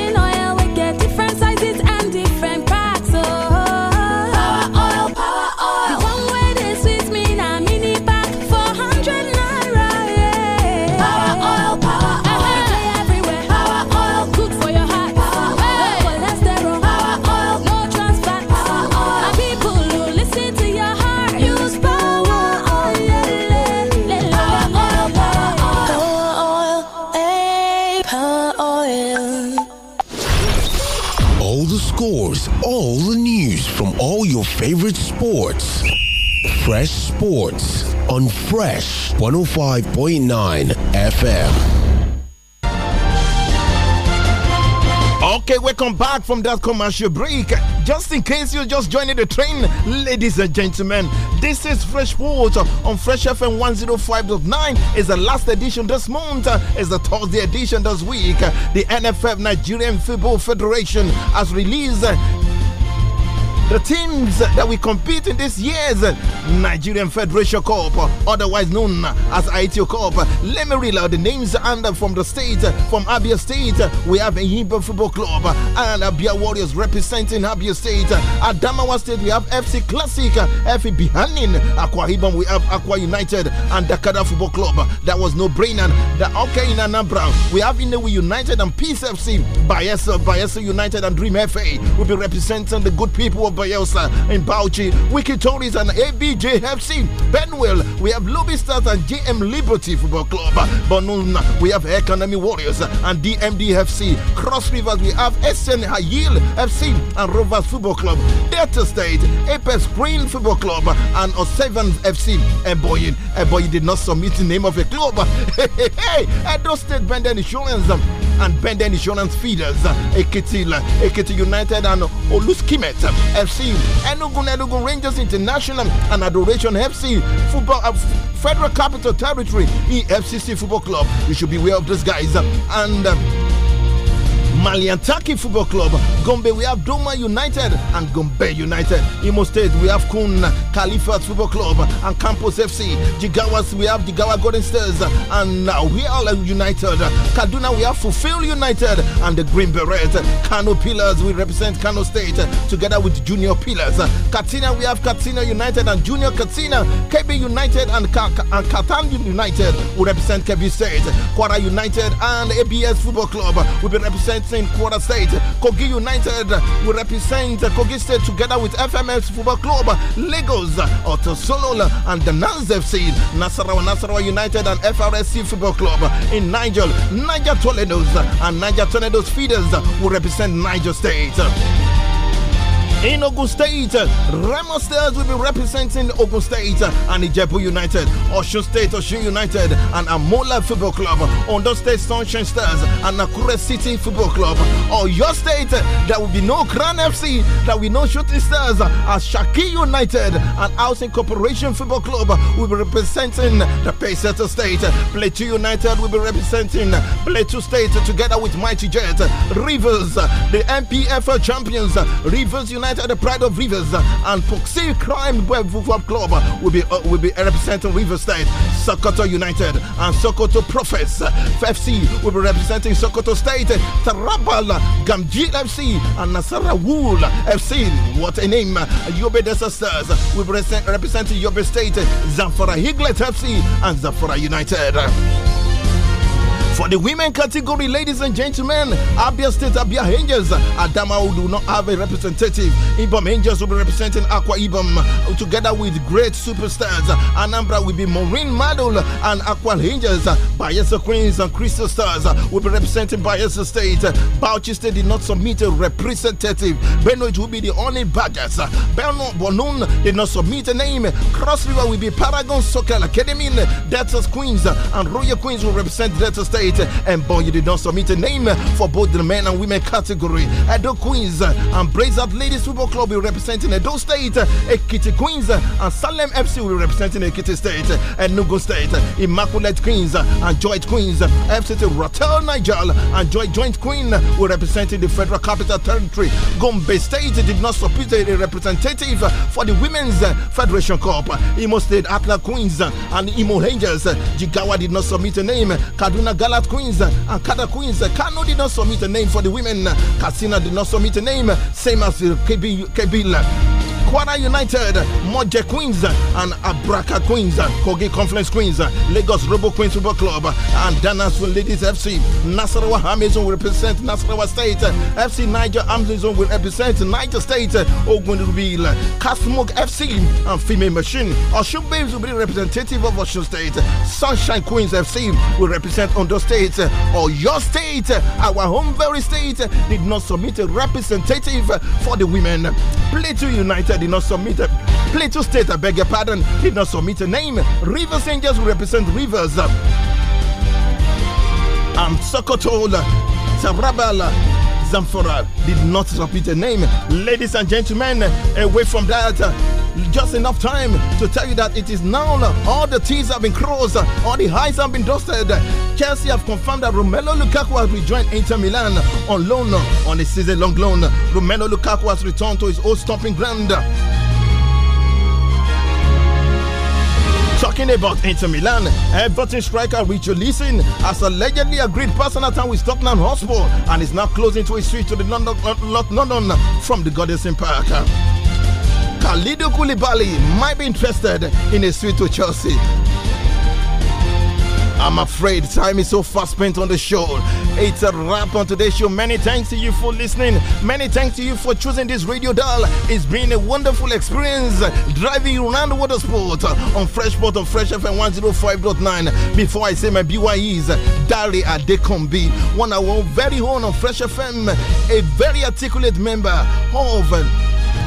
your favorite sports. Fresh Sports on Fresh 105.9 FM. Okay, welcome back from that commercial break. Just in case you're just joining the train, ladies and gentlemen, this is Fresh Sports on Fresh FM 105.9. It's the last edition this month. It's the Thursday edition this week. The NFF Nigerian Football Federation has released the teams that we compete in this year's Nigerian Federation Cup, otherwise known as ITO Cup. Let me read out the names and from the state, from Abia State, we have Ihimba Football Club and Abia Warriors representing Abia State. At Damawa State, we have FC Classic, FE Bihanin, Aqua Ibom, we have Aqua United and Dakada Football Club. That was no brainer. The OK in Anambra, we have Inewi United and Peace FC, Bayesa, Bayesa United and Dream FA will be representing the good people of Bayelsa in Bauchi, Wiki Tories and FC, Benwell, we have Lobby Stars and JM Liberty Football Club, Bonun, we have Economy Warriors and DMDFC, Cross Rivers, we have SN Hayil FC and Rovers Football Club, Delta State, Apex Green Football Club, and Oseven FC, Eboyin. Eboyin did not submit the name of a club. *laughs* hey, hey, hey, Edo State Bend Insurance and Benden Insurance Feeders, Ekitil, Ekiti United and Oluskimet FC, Enugu Enugu Rangers International and Adoration FC, Football uh, Federal Capital Territory, EFCC Football Club. You should be aware of these guys. And um, Maliantaki Football Club. Gombe, we have Doma United and Gombe United. Imo State, we have Kun Khalifa Football Club and Campus FC. Jigawas, we have Jigawa Golden Stars and uh, we are united. Kaduna, we have Fulfill United and the Green Beret. Kano Pillars, we represent Kano State together with Junior Pillars. Katina, we have Katina United and Junior Katina. KB United and, Ka and Katan United, we represent KB State. Kwara United and ABS Football Club, we represent in Quarter State. Kogi United will represent Kogi State together with FMS Football Club, Lagos, Otosolola, and the Nans FC, Nasarawa, Nasarawa United, and FRSC Football Club. In Niger, Niger Toledo's, and Niger Toledo's feeders will represent Niger State in Ogun State. Remo Stars will be representing Ogun State and Ijebu United, Osun State, Osun United, and Amola Football Club, Ondo State Sunshine Stars, and Akure City Football Club. Or your state, there will be no Grand FC, there will be no Shooting Stars, as Shaki United and Housing Corporation Football Club will be representing the Paysetter State. Plateau United will be representing Plateau State together with Mighty Jet, Rivers, the MPF champions, Rivers United at the Pride of Rivers uh, and Foxy Crime Football Club will be uh, will be representing River State, Sokoto United, and Sokoto Prophets. FC will be representing Sokoto State, Tarabal, Gamji FC, and Nasara Wool FC. What a name! Yobe Desasters will be representing Yobe State, Zamfara Higlet FC, and Zamfara United. For the women category, ladies and gentlemen, Abia State Abia Angels, Adama do not have a representative. Ibom Angels will be representing Aqua Ibom uh, together with great superstars. Anambra will be Maureen Madol and Aqua Angels. Bayelsa Queens and Crystal Stars uh, will be representing Bayelsa State. Bauchi State did not submit a representative. Benoit will be the only Badgers. Belno Bonun did not submit a name. Cross River will be Paragon Soccer Academy. Delta Queens uh, and Royal Queens will represent Delta State. And boy, you did not submit a name for both the men and women category. Edo Queens and Brazzard Ladies Football Club will representing Edo State, Ekiti Queens, and Salem FC will representing Ekiti State, Enugu State, Immaculate Queens, and Joint Queens, FC Ratel Nigel, and Joy Joint Queen will represent the Federal Capital Territory. Gombe State did not submit a representative for the Women's Federation Cup. Imo State, Akla Queens, and Imo Rangers. Jigawa did not submit a name. Kaduna Gala Gallat Queens uh, and Kada Queens. Uh, Kano did not submit a name for the women. Casina did not submit a name. Same as uh, Kabil. Kwara United, Moje Queens, and Abraka Queens, Kogi Conference Queens, Lagos Robo Queens Football Club, and Danasville Ladies FC. Nasarawa Hamizon will represent Nasarawa State. FC Niger Amazon will represent Niger State, Ogunville, Kasmog FC, and Female Machine. Oshun Babes will be representative of Oshun State. Sunshine Queens FC will represent Ondo State, or your state, our home very state, did not submit a representative for the women. Plateau United did not submit a Plateau State, I beg your pardon, did not submit a name. Rivers Angels will represent Rivers. Um, Sokoto, Sarabala, did not repeat a name. Ladies and gentlemen, away from that, just enough time to tell you that it is now all the T's have been crossed, all the highs have been dusted. Chelsea have confirmed that Romelu Lukaku has rejoined Inter Milan on loan, on a season long loan. Romelu Lukaku has returned to his old stomping ground. Talking about Inter Milan, Everton striker Richard Leeson has allegedly agreed personal time with Tottenham Hotspur and is now closing to his switch to the London, uh, London from the Goddess Park. Khalidou Koulibaly might be interested in a switch to Chelsea. I'm afraid time is so fast spent on the show. It's a wrap on today's show. Many thanks to you for listening. Many thanks to you for choosing this radio dial. It's been a wonderful experience driving you around the water sport on Freshport on Fresh FM 105.9. Before I say my BYEs, Dali Adekombi, one of our very own on Fresh FM, a very articulate member of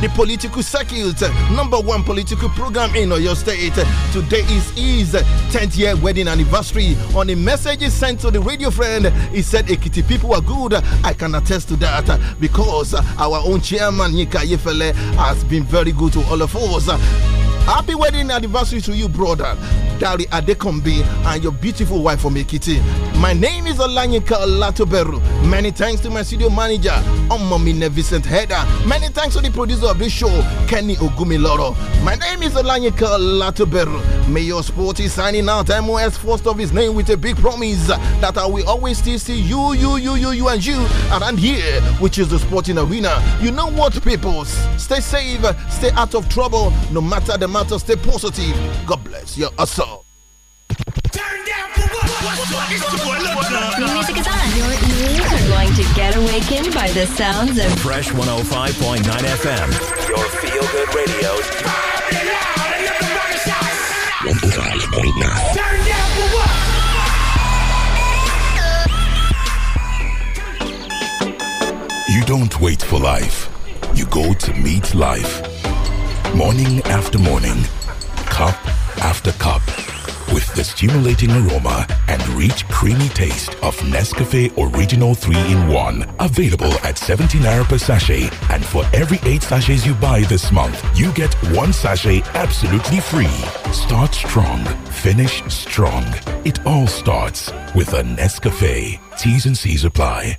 the political circuit, uh, number one political program in Oyo state. Today is his 10th uh, year wedding anniversary. On a message he sent to the radio friend, he said, Ekiti people are good. I can attest to that uh, because our own chairman, Yika Yefele, has been very good to all of us. Happy wedding anniversary to you, brother. Dari Adekombi and your beautiful wife from Kitty. My name is Olanyika Latoberu. Many thanks to my studio manager, Omomine Vincent Heda. Many thanks to the producer of this show, Kenny Ogumiloro. My name is Olanyika Latoberu. May your sport is signing out MOS first of his name with a big promise that I will always still see you, you, you, you, you, and you around here, which is the sporting arena. You know what, people? Stay safe, stay out of trouble, no matter the matter. Stay positive. God bless your hustle. Turn down for what? What's up? It's your boy Lil Music is on. Your ears are going to get awakened by the sounds of Fresh 105.9 FM. Your feel good radio. One oh five point nine. Turn down for what? You don't wait for life. You go to meet life Morning after morning, cup after cup, with the stimulating aroma and rich creamy taste of Nescafe Original 3 in 1. Available at 17 naira per sachet. And for every 8 sachets you buy this month, you get 1 sachet absolutely free. Start strong, finish strong. It all starts with a Nescafe. T's and C's apply.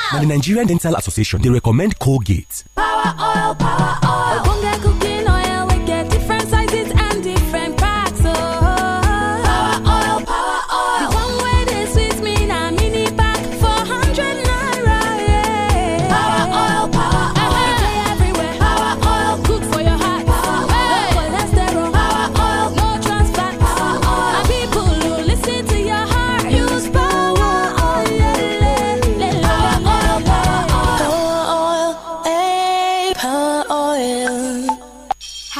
Now, the Nigerian Dental Association, they recommend Colgate. Power oil, power oil.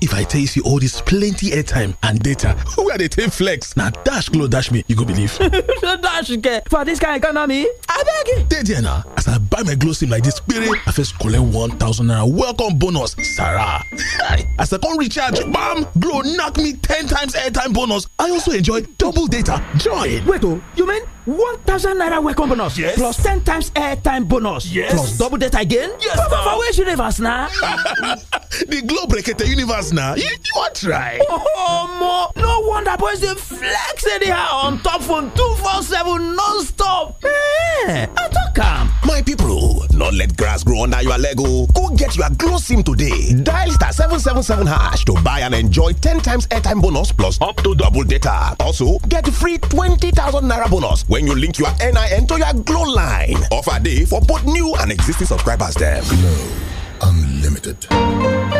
if i tell you see all this, plenty airtime and data wey i dey take flex Now dash glow dash me you go believe. *laughs* dash get for dis kain economy I beg. dey there now. as i buy my glow sim like this kpere i first collect one thousand naira welcome bonus sarah *laughs* as i come recharge bam glow knock me ten times airtime bonus i also enjoy double data join. wait o oh, you mean one thousand naira welcome bonus yes plus ten times airtime bonus yes plus double data again yes papa for which universe na. *laughs* the globe rekete universe na you, you wan try. omo oh, no wonder boys dey flex anyhow on top phone two four seven non-stop. Eh, i talk am. my people no let grass grow under your leg o oh. go get your glow sim today dial star seven seven seven hash to buy and enjoy ten times airtime bonus plus up to double data also get free twenty thousand naira bonus when you link your NIN to your Glow line. Offer day for both new and existing subscribers. Them. Glow Unlimited.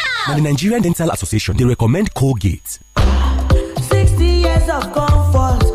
now, the Nigerian Dental Association, they recommend Colgate. 60 years of comfort.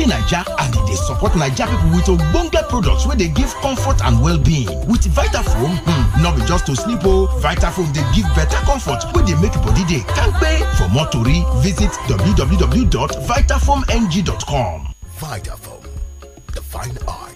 Rally Naija and e support Naija people with ogbonge products where they give comfort and well-being. With Vitafoam, hmm, no be just to sleep oh. Vitafoam they give better comfort where they make body day. Can't kampe. For more tori, visit www.vitafoamng.com. Vitafoam, the fine art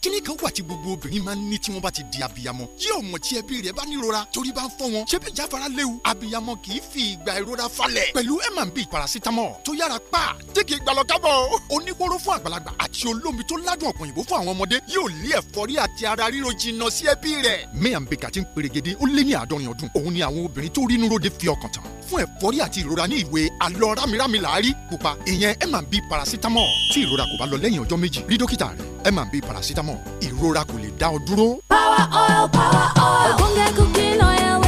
kíní kan wà tí gbogbo obìnrin máa ń ní tí wọ́n bá ti di abiyamọ yí ọmọ tí ẹbí rẹ̀ bá nírora torí bá ń fọ́ wọn ṣé bí jáfara léwu abiyamọ kì í fi ìgbà ìrora falẹ̀ pẹ̀lú M&B paracetamol tó yára pa jẹ́kì gbalọ̀kábọ̀ oníkóró fún àgbàlagbà àti olómi tó ládùn ọ̀pọ̀ òyìnbó fún àwọn ọmọdé yóò lé ẹ̀fọ́rí àti ara ríro jìnnà sí ẹbí rẹ̀ M&B kàti ń perégedé ó lé ní àádọ́rin ọdún òun ni àwọn obìnrin tó rínú ròde fi ọkàn tán fún ẹ̀fọ́rí àti ìrora ní ìwé alọ́ rámirámi làárí pupa ìyẹn M&B paracetamol tí ìrora kò bá lọ lẹ́yìn ọjọ́ méjì rí dókítà rẹ̀ M&B paracetamol ìrora kò lè dá ọ dúró. power oil power oil ògùn gẹ́gùn kí n náà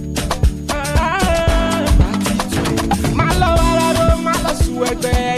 ẹgbẹ́.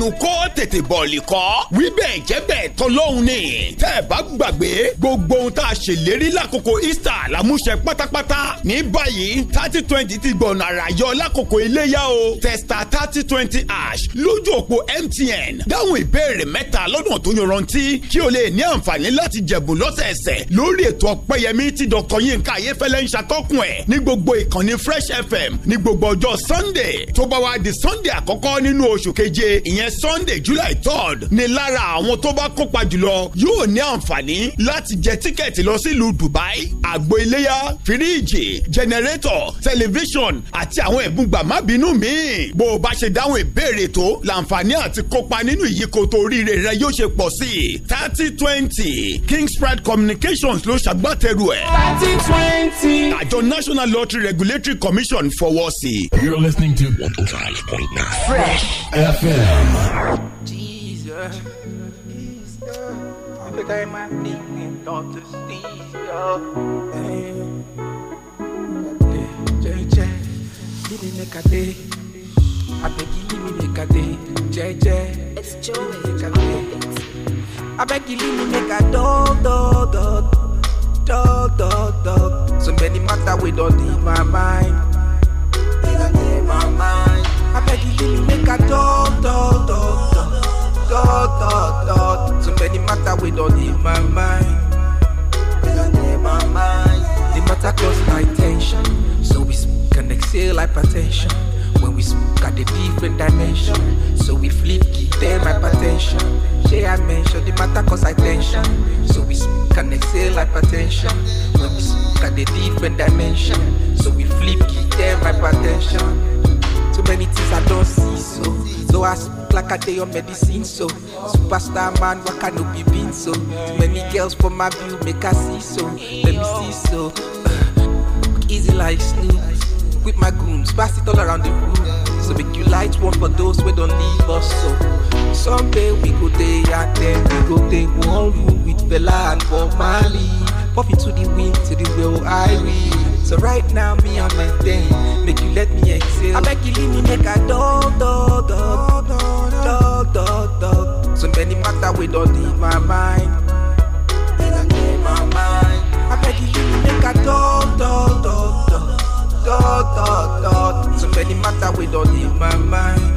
ẹnu kó tètè bọ̀ lìkọ́. wí bẹ́ẹ̀ jẹ́ bẹ́ẹ̀ tọ́lọ́hún ni. tẹ́ ẹ bá gbàgbé gbogbo ohun tá a ṣèlérí lákòókò Easter làmúṣẹ pátápátá. ní báyìí thirty twenty ti gbọ̀nà àrà yọ lákòókò iléyà o. testa thirty twenty ash lójú òpó MTN dáhùn ìbéèrè mẹ́ta lọ́dún tó yanrantí kí o lè ní àǹfààní láti jẹ̀bùn lọ́sẹ̀ẹsẹ̀ lórí ètò ọ̀pẹ́yẹmí tí Dr. Yinka Ayéfẹ́lẹ́ ń ṣàtọ́kùn ẹ̀ ní gbogbo ìkànnì Fresh FM ní gbogbo ọjọ́ Sunday tó bá wá di Sunday àkọ́kọ́ nínú oṣù keje ìyẹn sunday july third ni lára àwọn tó bá kópa jùlọ yóò ní àǹfààní láti jẹ tíkẹ́ẹ̀tì lọ sílùú dubai àgbo iléyá fíríìjì jẹnẹrétọ̀ tẹlifíṣọ̀n àti àwọn ẹ̀bùn gbàmábínú míì bó o bá ṣe dáhùn ìbéèrè tó làǹfààní àti kópa nínú ìyíkoto oríire rẹ yóò ṣe pọ̀ sí i thirty twenty kingspride communications ló ṣàgbátẹrù ẹ̀. thirty twenty. àjọ national lottery regulatory commission fọwọ́ sí i. you're listening to one oh five point nine fresh fm. Jesus. Jesus. I today my Jesus, daughter Caesar. JJ, give me a day. I beg you, give me a day. JJ, it's joy. I beg you, give me a dog, dog, dog, dog, dog, So many matter we don't in my mind. feeling make a talk, talk, talk, talk, talk, talk, Too many matter we don't leave my mind. They don't leave my mind. The matter cause my tension, so we can exhale hypertension. When we got a different dimension, so we flip keep them hypertension. Say I mention the matter cause my tension, so we can exhale hypertension. When we got a different dimension, so we flip keep them hypertension. So many things I don't see, so so I speak like I take on medicine, so superstar man, what can you be been so? Too many girls for my view, make I see so, let me see so. *sighs* easy like Snoop, with my goons, pass it all around the room. So make you light one for those who don't leave us so. Someday we go day and then we go day one room with Bella and Bob Marley. Puff it to the wind, to the will I read. So right now, me on my thing. Make you let me exhale. I make you leave me, make a dog, dog, dog, dog, dog, dog. So many matter we don't leave my mind. I beg you leave me, make a dog, dog, dog, dog, dog, dog, dog. So many matter we don't leave my mind.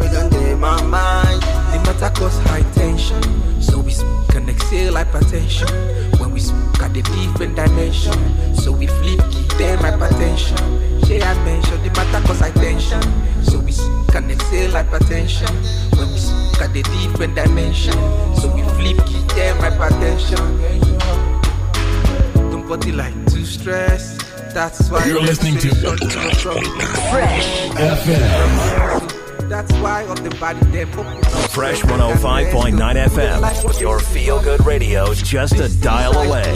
We don't leave my mind matter cause high tension. So we can exhale hypertension. When we speak at a different dimension. So we flip, give them hypertension. Say I mentioned the matter cause high tension. So we can exhale hypertension. When we speak at a different dimension. So we flip, give them hypertension. Don't body like too stressed. That's why you're listening to Fresh FM. That's why on the body they Fresh 105.9 FM. Your feel good radio is just a dial away.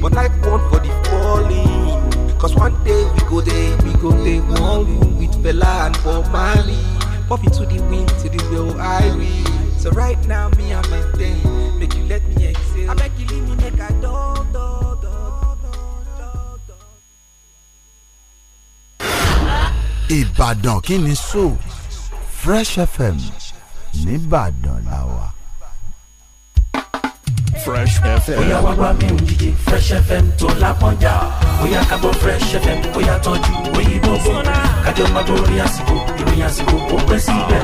But life won't for the falling. Cause one day we go there, we go there, walling with Bella and Bob Marley. Pop it to the wind, to the will I read. So right now, me, and my thing. Make you let me exhale. I make you leave me, make I do Ìbàdàn kí ni so Fresh FM nìbàdàn la wà. Fresh FM. Ó yá wá wá mi ò jíjẹ Fresh FM tó lápọ́njà. Ó ká gbọ́ Fresh FM ó yá tọ́jú bò. Kájọ́ máa borí àsìkò ìròyìn àsìkò ó pẹ́ síbẹ̀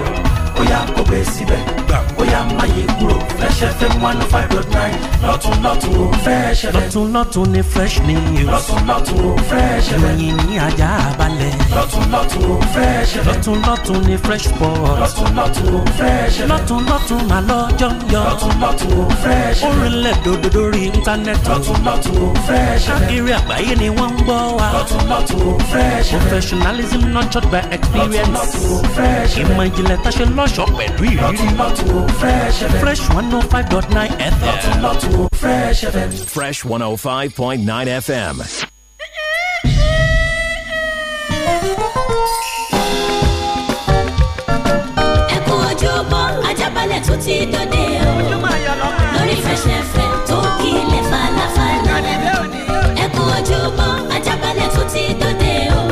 bóyá kò bẹ́ síbẹ̀ bóyá máyé kúrò Fresh FM one oh five dot nine lọ́tún lọ́tún ó Fresh FM. lọ́tún lọ́tún ni fresh news. lọ́tún lọ́tún ó Fresh FM. ròyìn ní ajá balẹ̀. lọ́tún lọ́tún ó Fresh FM. lọ́tún lọ́tún ni fresh sport. lọ́tún lọ́tún ó Fresh FM. lọ́tún lọ́tún mà lọ́jọ́ ń yọ. lọ́tún lọ́tún ó Fresh FM. orílẹ̀ dòdò lórí íńtánẹ́ẹ̀tì. lọ́tún lọ́tún ó Fresh FM. káàkiri àgbáyé ni wọ́n ń gbọ́ wa. lọ́tún lọ́tún ó Fresh FM. professionalism nurtured by experience. lọ́tún Fresh FM. ìmọ̀ ìjìnlẹ̀ tá a lọ́ fresh up pẹ̀lú ìrírí. lọ́tùlọ́tù fresh fm. fresh fm. fresh fm. fresh one oh five point nine fm. ẹkún ajábalẹ̀ tó ti dòde o lórí fresh fm tó kílẹ̀ falafala ẹkún ajábalẹ̀ tó ti dòde o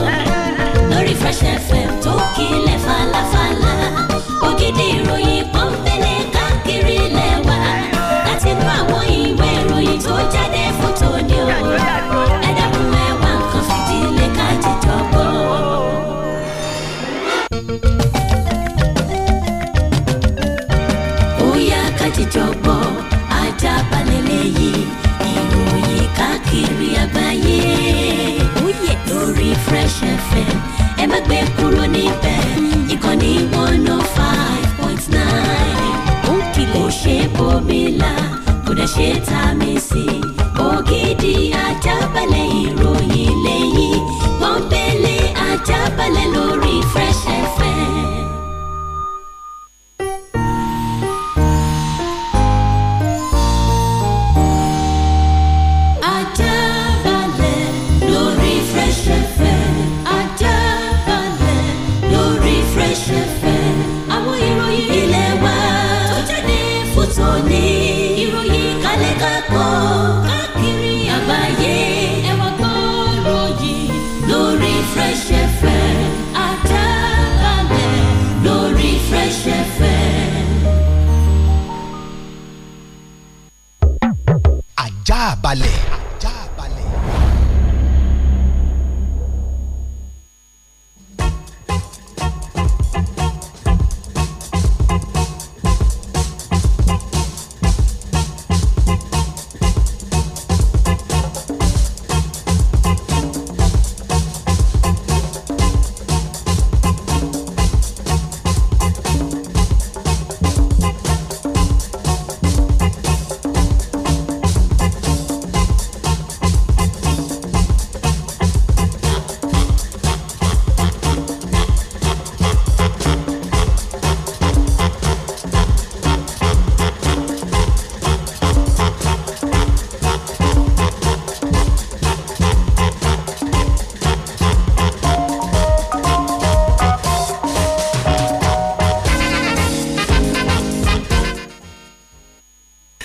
lórí fresh fm tó kílẹ̀ falafala. 一滴如 Vitamin C ògidì ajábalẹ̀ ìròyìn lẹ́yìn pọ́npẹ́lẹ́ ajábalẹ̀ lórí.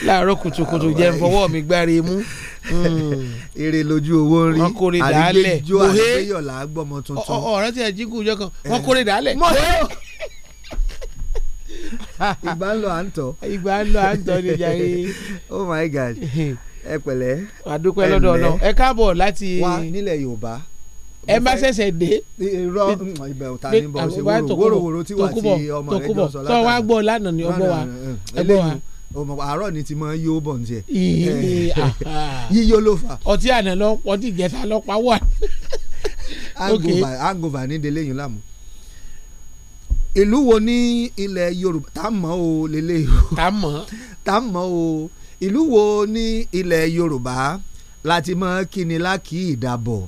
láàárọ̀ kùtùkùtù jẹ́ fọwọ́ mi gbára imú. Hmm. èrè lójú owó rí wọn kórè dàálẹ̀ gbọ́mọ tuntun. ọ̀rọ̀ tí ẹ̀ jíkù jọ kan wọn kórè dàálẹ̀ *laughs* ìgbà ń lọ à ń tọ. ìgbà ń lọ à ń tọ ní jàre. oh my god *laughs* ẹ pẹ̀lẹ́. àdúpẹ́ lọ́dọ̀ ọ̀nà ẹ káàbọ̀ láti. wa nílẹ̀ yorùbá. ẹ má ṣẹ̀ṣẹ̀ dé. irọ́ mm, ibẹ̀ ò ta bọ̀ ṣe wòrò wòrò tí wà tí ọmọ rẹ̀ jọ sọ látàrí. tó wá gbọ́ lánàá ni ọgbọ́ wa. Mm, mm. ẹgbọ́ wa àárọ̀ ni ti máa ń yó bọ̀ ní tiẹ̀. yíyó ló fà. ọtí àná lọ ọtí ìjẹta lọ pa wà. hangover ní délé yín láàmú. ìlú wo ní ilẹ̀ Yorùbá tá a mọ̀ o lélẹ̀ o. tá a mọ̀. tá a mọ̀ o ìlú wo ní ilẹ̀ Yorùbá láti máa kíni lákì ìdàbọ̀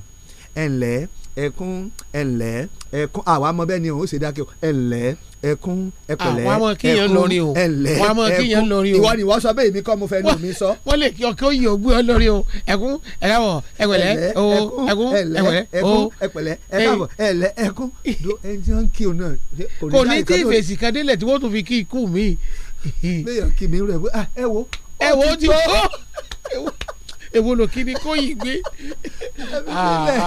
ẹ̀ǹlẹ́. La ẹkún ẹnlẹ ẹkún àwa mọ bẹ́ẹ̀ ni òun ṣe dákẹ́ ẹnlẹ ẹkún ẹpẹ̀lẹ́ ẹkún ẹnlẹ ẹkún ìwọ ni ìwọ sọ bẹ́ẹ̀ mi kọ́ mo fẹ́ nu mi sọ. wọ́n lè kí ọkọ yìí ògbé ọ lórí o ẹkún ẹ̀rọ ẹ̀wẹ̀lẹ́ o ẹkún ẹ̀wẹ̀lẹ́ o ẹ̀pẹ̀lẹ́ ẹ̀káàbọ̀ ẹ̀lẹ́ ẹkún do ẹni tí wọ́n kí o náà. kò ní tí ìfèsì kan délẹ̀ tí wọ́n tún fi kí ikú mi. léèyàn kì mí rẹ̀ ah, ẹ wo. ẹ wo ti tó èwo ló kí ni kó yìí gbé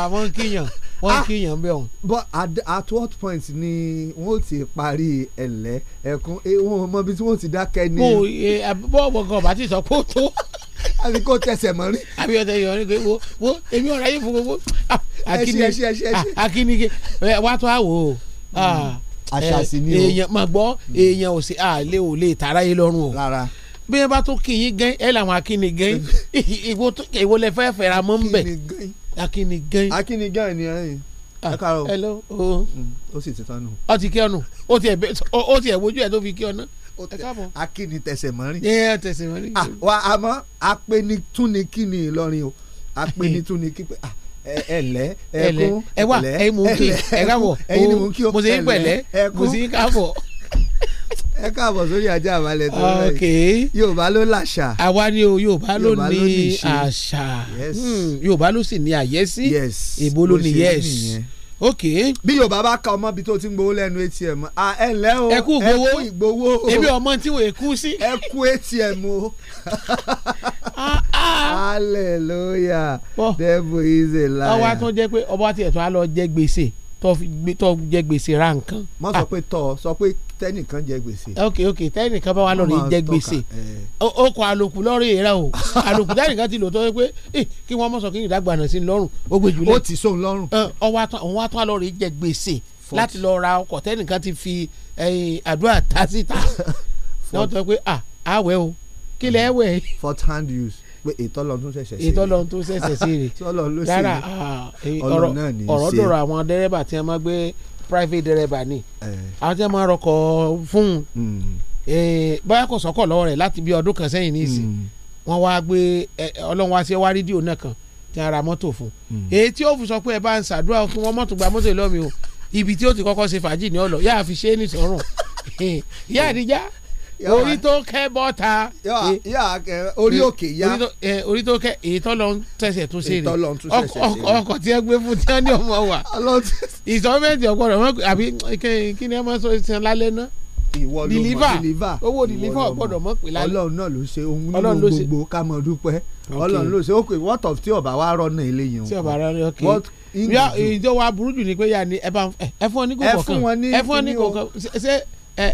àwọn ah, kíyàn wọ́n ah, kí yàn bẹ́ẹ̀ hùn. but at, at what point ni wọ́n ti parí ẹ̀lẹ́ ẹ̀kún eh, wọn mọ ibi tí wọ́n ti dákẹ́ ni. mo ẹ eh, bọ́ọ̀bọ̀ kan ọba ti sọ pé ó tó. *laughs* àbí kò tẹsẹ̀ mọ́ rí. àbí ọ̀tẹ̀ yọ̀ ní pé wo wo èmi ọ̀rọ̀ ayé fún gbogbo. Ah, akínike ah, eh, wàá tó àwò o àṣà sì ni o èèyàn mà gbọ́ hmm. èèyàn ò sí àlè ò lè tààrà yìí lọ́rùn o bí wọ́n bá *laughs* tó kì í gán ẹ̀ làwọn akíni gán ìwo lẹ fẹ́ fẹ́ra mọ́ ń bẹ̀ akínigán. akínigán ni ẹyin ah, ẹ káàárọ̀ hello o. Mm, ó sì ti tánu. ó ti kí ọ̀nù ó ti ẹ̀ wojú ẹ̀ tó fi kí ọ̀nà ẹ káàbọ̀. akíni tẹsẹ̀ mọ́rin. ẹ tẹsẹ̀ mọ́rin. wa àmọ́ apẹnitúnikíni ah, Ìlọrin o apẹnitúnikí pé ẹlẹ ẹkún ẹlẹ ẹwà ẹyin mò ń kí ẹ káàbọ̀ ẹyin mò ń kí o ẹlẹ ẹkún mo sì ń káàbọ̀ ẹ káàbọ̀ sórí ajá àbálẹ̀ tó rẹ̀ yorùbá ló làṣà. àwa ni o yorùbá ló ní àṣà hmm, yorùbá ló sì ní àyẹ́sí ìbò ló ní yes ok. bí yorùbá bá ka ọmọ bíi tó ti ń gbowó lẹ́nu atm à ẹ ǹlẹ́ o ẹ kú ìgbowó ẹ kú ìgbowó o èmi ọmọ tí wọ́n kú sí. ẹ kú atm o *laughs* ah, ah. hallelujah devil is a liar. ọwọ́ a tún jẹ́ pé ọba tiẹ̀ tún á lọ jẹ gbèsè tó jẹ gbèsè ra nǹkan. mo ah. sọ pé tọ sọ pé tẹnìkan jẹ gbèsè. ok ok tẹnìkan bá wà lórí jẹ gbèsè ó kọ àlòkù lórí rẹ o àlòkù tẹnìkan ti lò tó pé eh, kí wọ́n mọ̀ sọ kí n ìdàgbà náà sí lọ́rùn ó gbé jùlẹ̀. ó ti sóun lọ́rùn. òun wá tán lórí jẹ gbèsè láti lọ ra ọkọ̀ tẹnìkan ti fi àdúrà tá síta. *laughs* wọ́n tọ́ pé ah àwẹ̀ o kí lẹ́ wẹ̀. fourth hand use pé ìtọ́lọ́ tún ṣẹ̀ṣẹ̀ sí rè ìtọ́lọ́ tún ṣẹ̀ṣẹ̀ sí rè tọ́lọ́ ló sì rè ọ̀rọ̀ náà ní í ṣe ọ̀rọ̀ dọ̀rọ̀ àwọn dẹ́rẹ́bà tí wọ́n máa gbé private dẹ́rẹ́bà ni àwọn tí wọ́n máa rọkọ̀ fún hmm. báyà kò sọ́kọ̀ lọ́wọ́ rẹ̀ láti bí ọdún kan sẹ́yìn ní ìsìn hmm. wọ́n wá gbé ọlọ́run wá sí wá rédíò náà kan tí a ra mọ́tò fún hmm. èyí tí ó fi sọ pé ẹ bá ń ṣàdúrà kí wọ́n mọ́tò gba mọ́tò ìlọ́mi o ibi tí ó ti kọ́kọ́ ṣe fàájì ní ọ̀lọ́ yáà fi ṣe é nìṣọ́rùn *laughs* yáà níjà orí tó kẹ́ bọ́ta. Eh, orí eh, òkè ya. Eh, orí tó kẹ́ ìtọ́lọ ń tẹ̀sẹ̀ tún ṣe rè ọkọ̀ tí ẹ gbé fún tí wọ́n ní ọmọ wa ìsọ́mẹ́ntì ọ̀pọ̀ rẹ̀ àbí kí ni ẹ máa sọ ìsìn lálẹ́ náà ìwọ ló mọ deliver owó deliver gbọ́dọ̀ mọ pé lálẹ́ Ọlọ́run náà ló ṣe ohun nínú gbogbo ká mọ dúpẹ́ Ọlọ́run ló ṣe ó pé what of tí ọba wa rọnà eléyìí nǹkan tí ọba rọnà ok yọ ìjọ wa burú jù ni pé yà ni ẹ fún wọn ní kòkòkan ẹ fún wọn ní kòkòkan ṣe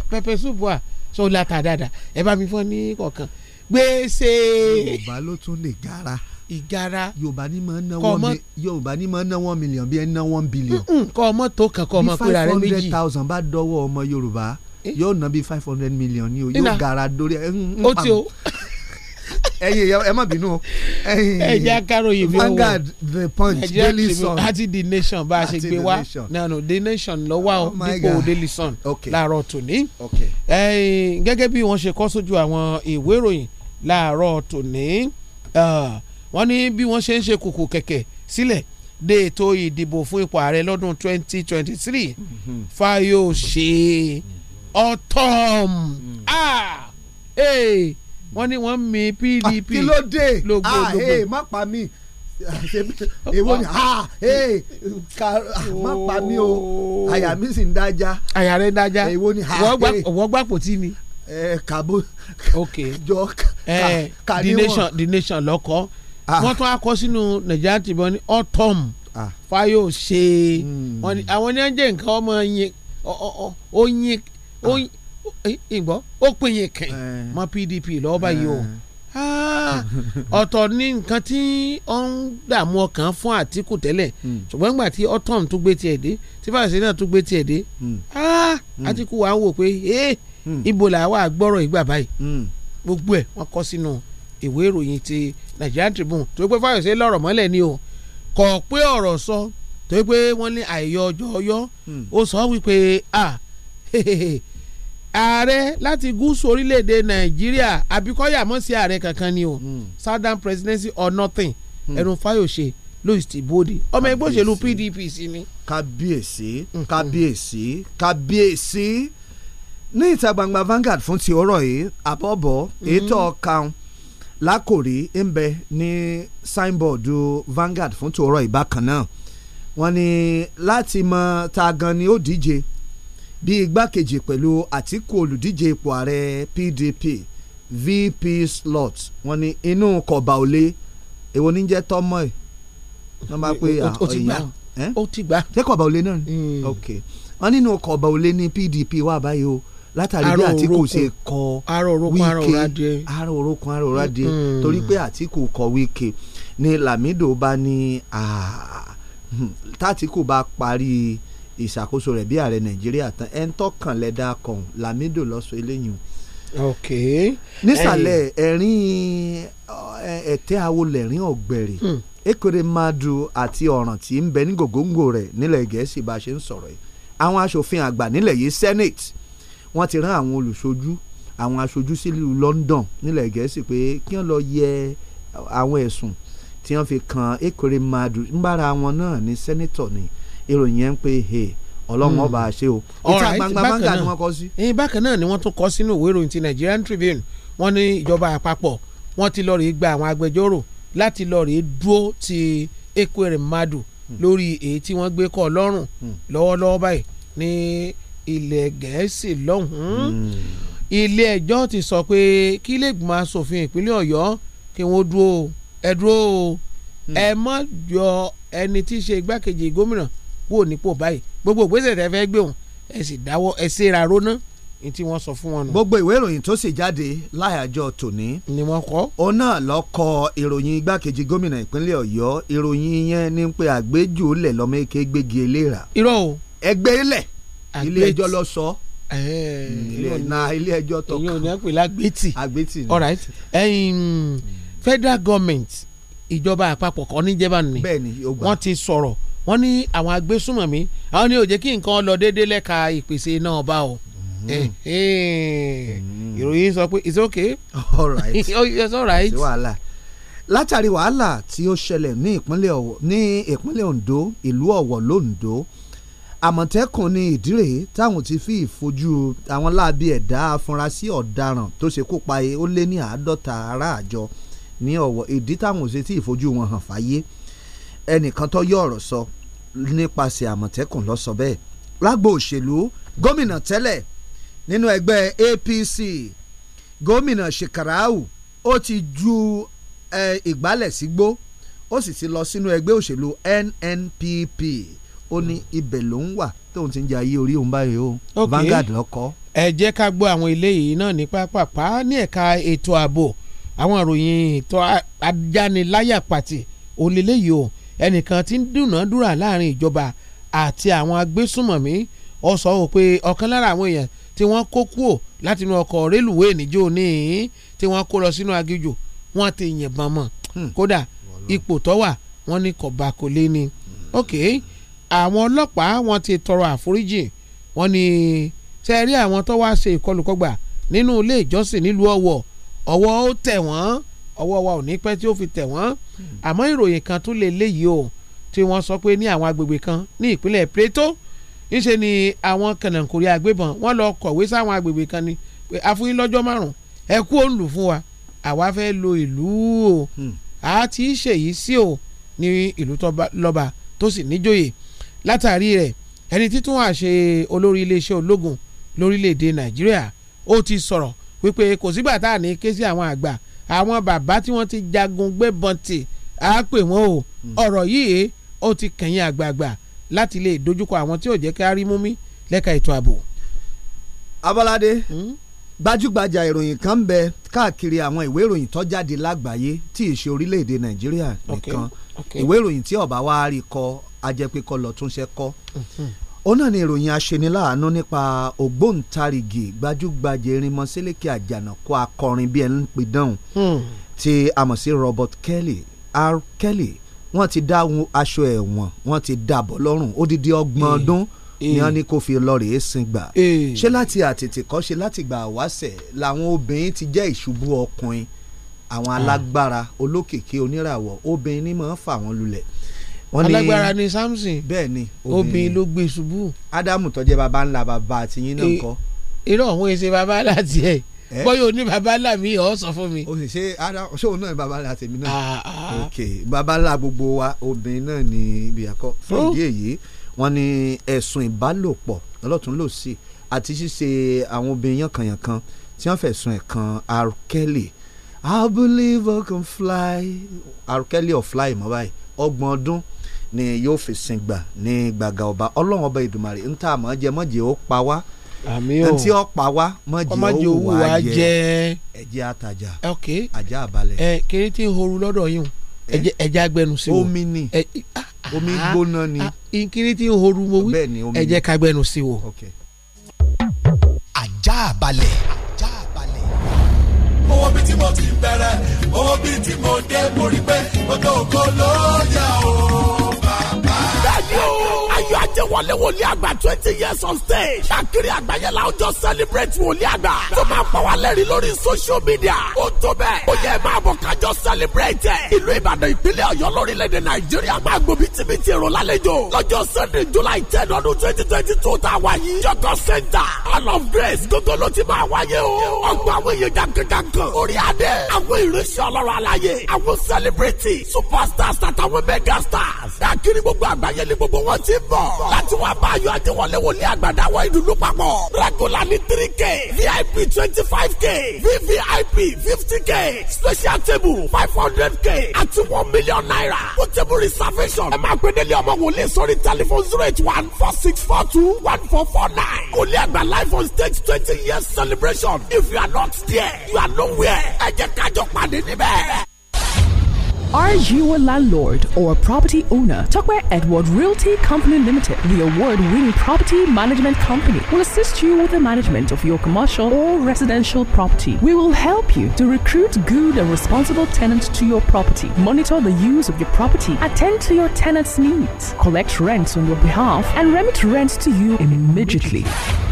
pẹpẹ súpù à so ó láta dáadáa ẹ bá mi fọ́ ní kọ̀ọ̀kan gbèsè. yorùbá ló tún lè gara ìgara yorùbá ní máa ná one yorùbá ní máa ná one million bí ẹ ná one billion. kọ ọmọ tó kàn kọ ọmọ pera rẹ méjì bí five hundred thousand bá dọ́wọ́ ọmọ yorùbá eh? yóò ná bí five hundred million ní o yóò gara dórí ẹ ń pa o ẹ̀yin ìyá ẹ má bínú ẹ̀yin ẹjẹ akáròyìn bí owó Vanguard the punch daily sun àti the nation bá a ṣe gbé wá nanu the nation lọ wá o oh dípò daily sun láàárọ̀ tòní gẹ́gẹ́ bí wọ́n ṣe kọ sójú àwọn ìwé ìròyìn láàárọ̀ tòní wọ́n ní bí wọ́n ṣe ń ṣe kùkù kẹ̀kẹ̀ sílẹ̀ de ètò ìdìbò fún ipò ààrẹ lọ́dún 2023 Fayose ọtọm a ee wọ́n ní wọ́n mi PDP ah, kí ló ah ee má pa mí èwo ni ah ee má pa mí o àyà mi sì ń dájá àyà rẹ ń dájá èwo ni ah ee wọ́n gbà pò tí ni kàbó jọ kà ní wọn. the nation lọkọ ah. wọn tún akọ sínú nàìjíríà ti bọ ní autumn ah. fayose hmm. àwọn ní ẹjẹ nǹkan ọmọ yín oyin ìgbọ́ ó pinye kẹ́yìn eh. mọ PDP lọ́wọ́ báyìí o eh. ọ̀tọ̀ ní nǹkan tí ó ń dààmú ọkàn fún Àtìkù tẹ́lẹ̀ hmm. ṣùgbọ́n nígbà tí ọ̀tọ̀n tún gbé tiẹ̀ dé tí fàṣẹ náà tún gbé tiẹ̀ dé hmm. hmm. Àtìkù wa ń wò pé ibo là wà gbọ́rọ̀ ìgbà báyìí gbogbo ẹ̀ wọ́n kọ́ sínú ìwé ìròyìn ti Nigerian Tribune tó pé Fáyọ̀sé lọ́rọ̀ mọ́lẹ̀ ni o kọ̀ pé ọ̀rọ̀ sọ tó pé wọ́n ní àìyọ ọjọ́ ọyọ́ ó sọ wípé ah ààrẹ láti gúúsù orílẹ̀-èdè nàìjíríà àbíkọ́yà mọ̀ sí ààrẹ kankan ni o mm. southern presidency or nothing hmm. ẹ̀rùn fáyọ̀ṣe louis tibode ọmọ ẹgbẹ́ òṣèlú pdp sí ni. kábíyèsí hmm. kábíyèsí kábíyèsí ní ìta gbangba Vanguard fún ti ọ̀rọ̀ yìí àbọ̀bọ̀ hmm. ètò kan lákòrí ń bẹ ní signboard Vanguard fún ti ọ̀rọ̀ yìí bákan náà wọ́n ní láti mọ ta gan ni ó díje bí igbákejì pẹ̀lú àtìkù olùdíje ipò ààrẹ PDP VP slot wọn ni inú kọba òlé èwo ní jẹ́ tọ́mọ̀ ẹ̀ wọ́n máa pe ọ̀yà ó ti gbà ṣé kọba òlé náà hmm. ok wọ́n nínú kọba òlé ní PDP wà báyìí o látàrí bí àtìkù ṣe kọ wíkẹ ara orókun ara òradìẹ torí pé àtìkù kọ wíkẹ ni Lamido bá ní hmm. tàtìkù bá parí ìṣàkóso rẹ̀ bí ààrẹ nàìjíríà tán ẹ̀ ń tọkàn lẹ́dà kan lamido lọ́sọ eléyìí ok nísàlẹ̀ ẹ̀rín ẹ̀tẹ́ awo lẹ̀rín ọ̀gbẹ̀rẹ̀ ekore hmm. madu àti ọ̀ràn tí ń bẹ ní gògóńgò rẹ̀ nílẹ̀ gẹ̀ẹ́sì bá a ṣe ń sọ̀rọ̀ yìí àwọn aṣòfin àgbà nílẹ̀ yìí senate wọ́n ti rán àwọn olùṣojú àwọn aṣojú sílùú London nílẹ̀ gẹ̀ẹ́sì pé kí wọ́n lọ yẹ àwọn ẹ̀sùn tí wọ́n fi kan ekore madu ńbára wọn náà ní senator ni ìròyìn yẹn ń pè é ọlọ́run hmm. ọba àṣẹ o ìta gbangba manga ni wọ́n kọ sí. ẹyin bákan náà ni wọ́n tún kọ sínú ìwé ìròyìn ti Nigerian Tribune wọ́n ní ìjọba àpapọ̀ wọ́n ti lọ rèé gba àwọn agbẹjọ́rò láti lọ dúró ti Ekweremadu hmm. lórí èyí tí wọ́n gbé kọ́ lọ́rùn hmm. lọ́wọ́lọ́wọ́ báyìí ní ilẹ̀ gẹ̀ẹ́sì lọ́hùn-ún ilé ẹjọ́ ti sọ pé kí iléègbìmọ̀ asòfin ìpínlẹ̀ ọ̀yọ́ kí wọ́n dúró ẹ dúró ẹ mọ̀ yọ ẹni tí í ṣe igbákejì gómìnà kúrò nípò báyìí gbogbo ìgbésẹ̀ tẹ́ fẹ́ gbé òun ẹ sì dáwọ́ ẹ ṣera róná ní tí wọ́n sọ fún wọn nù. gbogbo ìwé ìròyìn tó sì jáde láyàjọ tòní. ni wọ́n kọ. òun náà lọ kọ ìròyìn igbákejì gómìnà ìpínlẹ̀ ọ̀yọ́ ìròyìn yẹn ni pé àgbéjòlẹ̀ lọ́mọ èké gbégi eléra. irọ́ o. ẹgbẹ́ ilẹ̀ ilé ẹjọ́ lọ sọ. na ilé ẹjọ́ tọkàn. èyí ò ní pè lágbétì. àgbétì ni. all right federal government ìjọba àpapọ̀ kọ́ níjẹ́bà nù ni. bẹ́ẹ̀ ni yóò gbà. wọ́n ti sọ̀rọ̀ wọ́n ní àwọn agbésùmọ̀mí àwọn ní ó jẹ́ kí nǹkan lọ déédéé lẹ́ka ìpèsè iná ọba o mm-hmm. Eh, eh. Mm-hmm. ìròyìn sọ pé it's okay *laughs* all right *laughs* oh, it's all right wàhálà látàrí wàhálà tí ó ṣẹlẹ̀ ní ìpínlẹ̀ ní ìpínlẹ̀ Ondo ìlú Ọ̀wọ̀ l'Ondo àmọ̀tẹ́kùn ní ìdírè táwọn ti fi ìfojú àwọn láabi ẹ̀dá afurasí ọ̀daràn tó ṣekú pa e, ó lé ní àádọ́ta ará àjọ ní Ọ̀wọ̀ ìdí táwọn ò ṣe tí ìfojú wọn hàn fáyé ẹnìkan tó yọ ọ̀rọ̀ sọ nípasẹ̀ àmọ̀tẹ́kùn ló sọ bẹ́ẹ̀ lágbo òṣèlú gómìnà tẹ́lẹ̀ nínú ẹgbẹ́ APC gómìnà Shekarau ó ti ju ìgbálẹ̀ sígbó ó sì ti lọ sínú ẹgbẹ́ òṣèlú NNPP ó ní ibẹ̀ ló ń wà tóun ti ń jẹ ayé orí òun báyìí o Vanguard lọ́kọ́. ẹ jẹ́ ká gbọ́ àwọn eléyìí náà ní pápápá ní ẹ̀ka ètò ààbò àwọn ìròyìn ètò ajániláyà pàtì òun lélẹ́yìí o ẹnìkan tí ń dúnàádúrà láàrin ìjọba àti àwọn agbésùmọ̀mí ó sọ wò pé ọ̀kan lára àwọn èèyàn tí wọ́n kó kúò láti inú ọkọ̀ rélùwé níjó ní tí wọ́n kó lọ sínú aginjù wọ́n ti yìnbọn mọ́ hmm. kódà ipò tó wà wọ́n ní kọ̀bà kò lé ni. Hmm. ok àwọn ọlọ́pàá wọ́n ti tọrọ àforíjì wọ́n ní sẹ́ẹ̀rí àwọn tó wá ṣe ìkọlùkọgbà nínú ilé ìjọsìn nílùú ọ̀wọ̀ ọ̀wọ̀ ó tẹ̀ wọ́n ọwọ́ wa ò ní pẹ́ tí ó fi tẹ̀ wọ́n àmọ́ ìròyìn kan tún lè léyìí o tí wọ́n sọ pé ní àwọn agbègbè kan ní ìpínlẹ̀ Plateau ńṣe ni àwọn kànáńkórí agbébọn wọ́n lọ kọ̀wé sáwọn agbègbè kan ni pé àfúyín lọ́jọ́ márùn-ún ẹ kú òǹlù fún wa àwa fẹ́ lo ìlú o hmm. a ti ṣèyí sí o ní ìlú lọ́ba tó sì níjòyè látàrí rẹ̀ ẹni títún àṣẹ olórí iléeṣẹ́ ológun lórílẹ̀‐èdè Nàìjíríà ó ti sọ̀rọ̀ wípé kò sígbà tá à ní ké sí àwọn àgbà àwọn bàbá tí wọ́n ti jagun gbébọn tì á pè wọ́n o hmm. ọ̀rọ̀ yìí ó ti kẹ̀yìn àgbààgbà láti lè dojúkọ àwọn tí ò jẹ́ kí á rí mú mi lẹ́ka ètò ààbò. Abọ́ládé hmm? gbajúgbajà ìròyìn kan ń bẹ káàkiri àwọn ìwé ìròyìn tó jáde lágbàáyé tí ì ṣe orílẹ̀-èdè Nàìjíríà nìkan ìwé ìròyìn tí ọ̀bá wa rí kọ ajẹ́pẹ́kọ lọ́túnṣe ó náà ni ìròyìn aṣeniláàánú nípa ògbóǹtarìgì gbajúgbajà erinmọ Sélékì Àjànàkú akọrin bíi ẹni pidán hmm. tí a mọ̀ sí Robert Kelly R Kelly wọ́n ti dá aṣọ ẹ̀wọ̀n wọ́n ti dàbọ̀ lọ́rùn odidi ọgbọ̀n eh, ọdún ni eh. wọ́n ní kó fi lọ rèé sin gbà eh. ṣé láti àtètè kọ́ ṣe láti gbà wáṣẹ̀ làwọn obìnrin ti jẹ́ ìṣubú ọkùnrin àwọn alágbára olókìkí oníràwọ̀ obìnrin ni mọ̀ ń fà wọ́n lulẹ̀ wọ́n ní alágbára ni Samson bẹ́ẹ̀ ni obìnrin ló gbé ṣubú. Ádámù tó jẹ́ baba ńlá baba àtìyín náà e, kọ́. irọ́ òun èsè baba láti ẹ̀ bọ́yọ̀ oní babalá mi ọ̀ sọ fún mi. o sì ṣe ara ṣé òun náà babalá tèmi náà. Ah, ah. ok babalá gbogbo wa obìnrin náà ni ibi àkọ́ fún ìdí èyí wọ́n ní ẹ̀sùn ìbálòpọ̀ lọ́lọ́tún lò sí àti ṣíṣe àwọn obìnrin yànkànyànkan tí wọ́n fẹ̀sùn ẹ̀ kan R. Kelly I believe I can fly R. Kelly of fly mọ́ ọgbọ̀n ọdún ni yóò fi sin gbà ní gbàgà ọba ọlọ́run ọba ìdùmarè ń tà mọ́ jẹ mọ́jẹ ó pa wá ntí ó pa wá mọ́jẹ ó wù wá jẹ ẹ̀jẹ̀ àtàjà ajá àbálẹ̀. ẹ kéré tí ooru lọ́dọ̀ yìí o ẹ̀jẹ̀ agbẹnusí o omi ni omi ah, gbóná ni. Ah, ah, kéré tí ooru mo wí ẹ̀jẹ̀ kagbẹnusí o. ajá àbálẹ̀. àbálẹ̀ owó bíi tí mo ti bẹ̀rẹ̀ owó bíi tí mo dé mo rí pé mo tó kó lóyà o jẹ́ wọlé wòlíì àgbà twenty years on stage. Ṣàkiri àgbáyé la ó jọ celebrate wòlíì àgbà. Tó máa pa wá lẹ́rìí lórí social media. Ó tó bẹ́ẹ̀. Ó yẹ máa bọ̀ kájọ celebrate. Ìlú Ìbàdàn ìpínlẹ̀ Ọ̀yọ́ lórílẹ̀‐èdè Nàìjíríà máa gbòbí tìbítì èrò lálejò. Lọ́jọ́ Sunday July ten ọdún twenty twenty two tá a wá yìí. Jọ́kọ̀ Center All of Grace gbogbo ló ti máa wáyé o. Ọgbà àwọn èèyàn jàǹkàǹkàǹkàn. Orí adé. Àwọn ìrẹsì ọlọ́run aláyé. Àwọn celebrity superstars àtàwọn megastars. Dàkírí gbogbo àgbáyé ni gbogbo wọn ti bọ̀ láti wá bá ayọ̀ àjẹwọlé wòlé àgbàdo àwọn ìdùnnú papọ̀ regular ní three k vip twenty five k vvip fifty k special table five hundred k àti one million naira ó table reservation ẹ máa gbé délé ọmọ wòlé sórí telephone zero eight one four six four two one four four nine wòlé àgbà life on stage twenty years celebration if you are not there you are nowhere ẹ jẹ́ kájọ pàdé níbẹ̀. Are you a landlord or a property owner? Tuckware Edward Realty Company Limited, the award-winning property management company, will assist you with the management of your commercial or residential property. We will help you to recruit good and responsible tenants to your property, monitor the use of your property, attend to your tenants' needs, collect rents on your behalf, and remit rents to you immediately.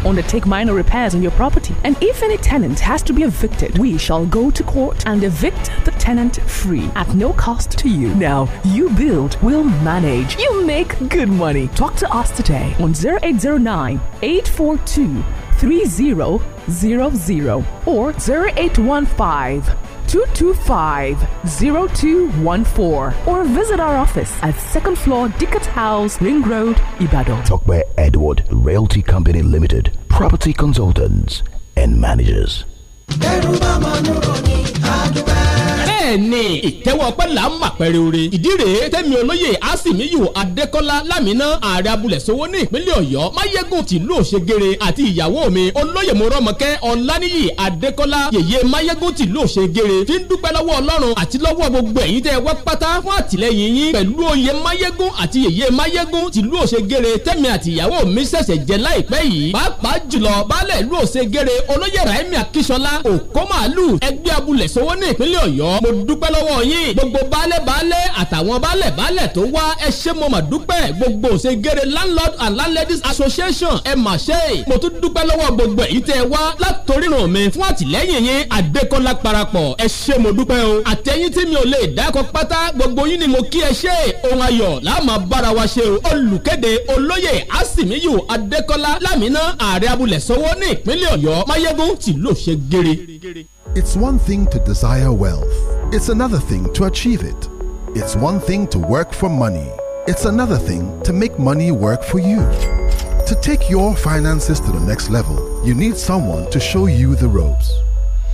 Undertake minor repairs on your property, and if any tenant has to be evicted, we shall go to court and evict the tenant free at no cost cost to you. Now, you build, we'll manage, you make good money. Talk to us today on 0809 842 3000 or 0815 225-0214 or visit our office at second floor Dickett House, Ring Road, Ibadan. Talk by Edward Realty Company Limited, property consultants and managers. bẹ́ẹ̀ni ìtẹ́wọ́ ọpẹ́ là ń mà pẹ́rẹ́ ore ìdí rèé tẹ́mi olóyè asimiyu adékọ́lá lámìnà ààrẹ abúlẹ̀ sowó ní ìpínlẹ̀ ọ̀yọ́ máyégún tìlú òṣègèrè àti ìyàwó mi olóyè mọ́rọ́mọkẹ́ ọláníyì adékọ́lá yèyé máyégún tìlú òṣègèrè fi ń dúpẹ́ lọ́wọ́ ọlọ́run àti lọ́wọ́ gbogbo ẹ̀yin tẹ́ wá pátá fún àtìlẹ́yìn yín pẹ̀lú oyè máyégún àti yèyé máyégún tìlú òṣègèrè tẹ́mi àti ìyàwó mi ṣẹ̀ṣẹ̀ jẹ láìpẹ́ yìí pàápàá jùlọ baálẹ̀ ìlú òṣègèrè olóyè rahimi akíṣọlá òkó màálù ẹgbẹ́ abúlẹ̀ sowó ní ìpínlẹ̀ ọ̀yọ́ mo ń dúpẹ́ lọ́wọ́ yín gbogbo baálé baálé àtàwọn baálẹ̀ baálẹ̀ tó wá ẹ ṣé mo mà dúpẹ́ gbogbo òṣègèrè landlord and landladies association ẹ mà ṣe mo tún dúpẹ́ lọ́wọ́ gbogbo èyí tẹ́ ẹ wá látòríràn mi fún àtìlẹ́yìn yín Adékọ́lá parapọ̀ ẹ ṣé mo dúpẹ́ o àtẹ̀yìn tí mi ò lè dákọ̀ pátá gbogbo yín ni mo kí ẹ ṣe ohun ayọ̀ láàmà bára wa ṣe o olùkéde olóyè Asimiyu Adékọ́lá Lámínà ààrẹ abúlẹ̀ Sanwó ní ìpínlẹ̀ Ọ̀yọ́ Máyégún tìlú òṣègèrè. It's one thing to desire wealth. It's another thing to achieve it. It's one thing to work for money. It's another thing to make money work for you. To take your finances to the next level, you need someone to show you the ropes.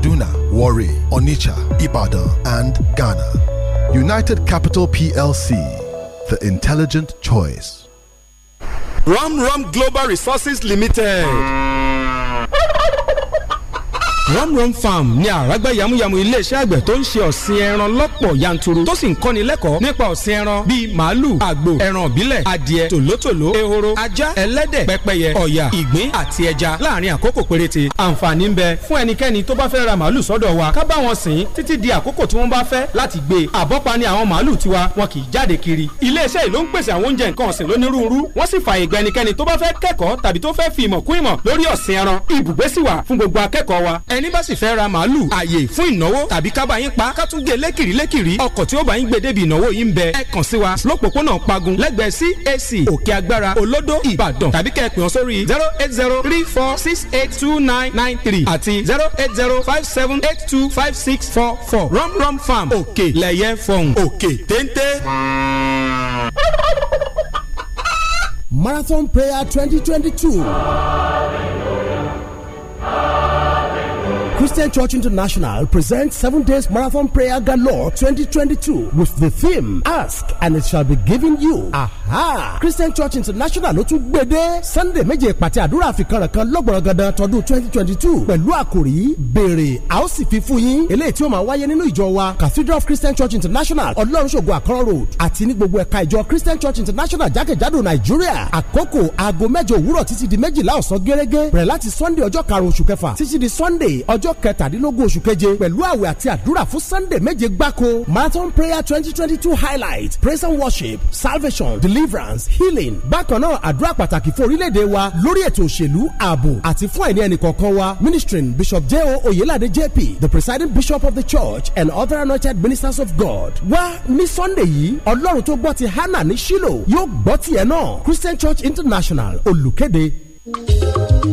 Kaduna, Warri, Onitsha, Ibadan, and Ghana. United Capital PLC, the intelligent choice. Ram Ram Global Resources Limited one run farm ni àràgbá yamuyamu iléeṣẹ́ àgbẹ̀ tó ń ṣe ọ̀sìn ẹran lọ́pọ̀ yanturu tó sì ń kọ́ni lẹ́kọ̀ọ́ nípa ọ̀sìn ẹran bíi màálù àgbò ẹran ìbílẹ̀ adìẹ tòlótòló ehoro ajá ẹlẹ́dẹ̀ pẹ́pẹ́yẹ ọ̀yà ìgbín àti ẹja láàrin àkókò péréte àǹfààní ń bẹ fún ẹnikẹ́ni tó bá fẹ́ ra màálù sọ́dọ̀ wa ká bá wọn sìn títí di àkókò tí wọ́n bá fẹ́ láti gbé àbọ́pa ni àwọn màálù tiwa wọn kì í jáde kiri iléeṣẹ́ ìlú ń pèsè àwọn oúnjẹ nǹkan ọ̀sìn lónírúurú wọ́n sì fààyè gba ẹnikẹ́ni tó bá fẹ́ kẹ́kọ̀ọ́ tàbí tó fẹ́ fi ìmọ̀ kún ìmọ̀ lórí ọ̀sìn ẹran ibùgbé sì wà fún gbogbo akẹ́kọ̀ọ́ wa ẹ ẹni bá sì fẹ́ ra màálù àyè fún ìnáwó tàbí kábà yín pa ká tún gé lékìrí lékìrí ọkọ̀ tí ó bá yín gbé débi ìnáwó yín bẹ ẹ kàn sí wa lópòpónà pagun lẹ́gbẹ̀ẹ́ CAC òkè agbára olódó ìbàdàn tàbí kẹ́ ẹ pè wọ́n sórí zero eight zero three four six eight two nine nine three àti zero eight zero five seven eight two five six four four romrom farm òkè lẹ́yẹ fọ̀hún òkè téńté. Marathon prayer twenty twenty two. Christian Church International presents Seven Days Marathon Prayer Galore 2022 with the theme Ask and it shall be given you. Aha! Christian Church International ló tún gbèdé Sunday méje pàtẹ àdúrà àfikànràkan lọ́gbọ̀ràn gandan tọdún 2022 pẹ̀lú àkòrí béèrè a ó sì fi fún yín eléyìí tí ó máa wáyé nínú ìjọ wa Cathedral of Christian Church International Ọlọ́runṣògo Àkọ́rọ́ Road àti ní gbogbo ẹ̀ka ìjọ Christian Church International jákèjádò Nàìjíríà àkókò aago mẹ́jọ òwúrọ̀ títí di méjìlá ọ̀sán gẹ́gẹ́ bẹ̀rẹ̀ láti Sunday ọjọ́ karùn-ún oṣù kẹfà títí di Sunday ọjọ́ lọ́jọ́ kẹtàdínlógún oṣù keje pẹ̀lú àwẹ̀ àti àdúrà fún sunday méje gbáko marathon prayer twenty twenty two highlight praise and worship salvation deliverance healing bákan náà àdúrà pàtàkì fún orílẹ̀-èdè wa lórí ètò òṣèlú ààbò àti fún àìní ẹnìkọ̀ọ̀kan wa Ministering bishop jeo oyelade jp the presiding bishop of the church and other anointed ministers of god wá ní sunday yìí ọlọ́run tó gbọ́ ti hannah ní shilo yóò gbọ́ tiẹ̀ náà christian church international olùkéde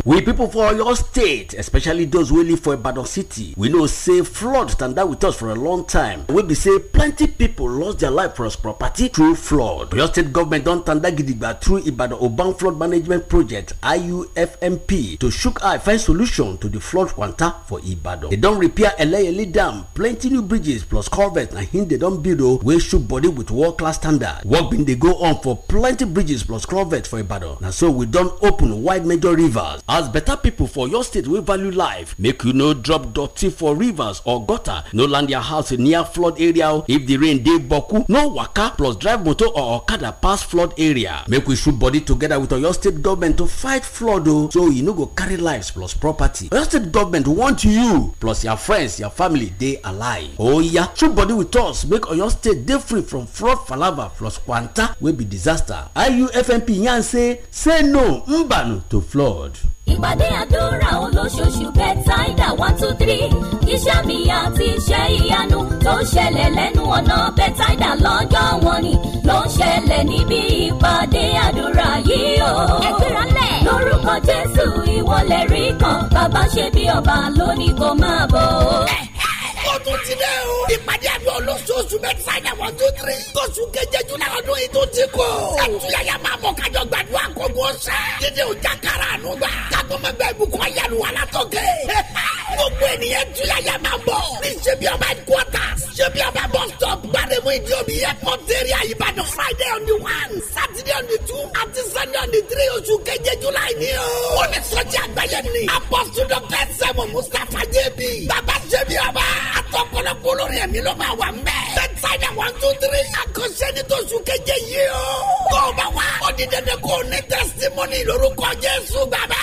we people for your state especially those who live for ibadan city we know say flood stand out with us for a long time We be say plenty people lost their life for us property through flood Your state government don tanda gidigba through ibadan oban flood management project iufmp to shook eye find solution to the flood quanta for ibadan They don't repair eleyele dam plenty new bridges plus culverts and im they don't build o wey body with world class standard work been they go on for plenty bridges plus culverts for ibadan And so we don't open wide major rivers as better people for your state wey value life make you no drop dirty for rivers or gutter no land your house near flood area if the rain dey boku no waka plus drive motor or okada pass flood area make we shoot body together with oyo state government to fight flood o so you no go carry lives plus property oyo state government want you plus your friends your family dey alive oya oh shoot body with us make oyo state dey free from flood falava plus kwanta wey be disaster iufmp yarn say say no mbanu to flood. ìpàdé àdúrà olóṣooṣù bethsaida one two three iṣẹ́ mi àti iṣẹ́ ìyanu tó ń ṣẹlẹ̀ lẹ́nu ọ̀nà bethsaida lọ́jọ́ wọn ni ló ń ṣẹlẹ̀ níbi ìpàdé àdúrà yìí o. ẹ lẹ̀. lórúkọ jésù ìwọlẹ̀ rí kan bàbá ṣe bí ọba lónìí kó máa bọ̀. ẹ ẹ ó tún ti dé o. ìpàdé àdúrà olóṣooṣù mẹ́ta yẹn wọ́n tún tiri. tóṣù keje la ọdún yìí tó ti kó. àtúnyàyà máa mọ kájọ gbàdúrà kókó sẹ́. dídé o jákàrà àánú gbà. jagunmọ bẹ́ẹ̀ bukọ yẹlu alatọkẹ. gbogbo ènìyàn túnyàyà máa bọ̀. ní sebi ọba kọta sebi ọba bọ́sítọ̀pù gbàdémù ìdí omi yẹ kọ́ntẹ́rì àyíbádọ́. friday on the one saturday on the two àti sunday on the three oṣù keje jula yìí ni o. ó ní sọ́jà àgbáyé ni. apọ́sù dọ́kítà sẹ́mu mustapha jẹ́bi. bàbá orin ẹ̀mí ló máa wà ń bẹ̀. tẹ́tísáìdà one two three àkànṣe ní tóṣù keje yìí o. kó o bá wa ó di dandan kó o ní tẹ́sítímọ́nì lórúkọ Jésù bàbá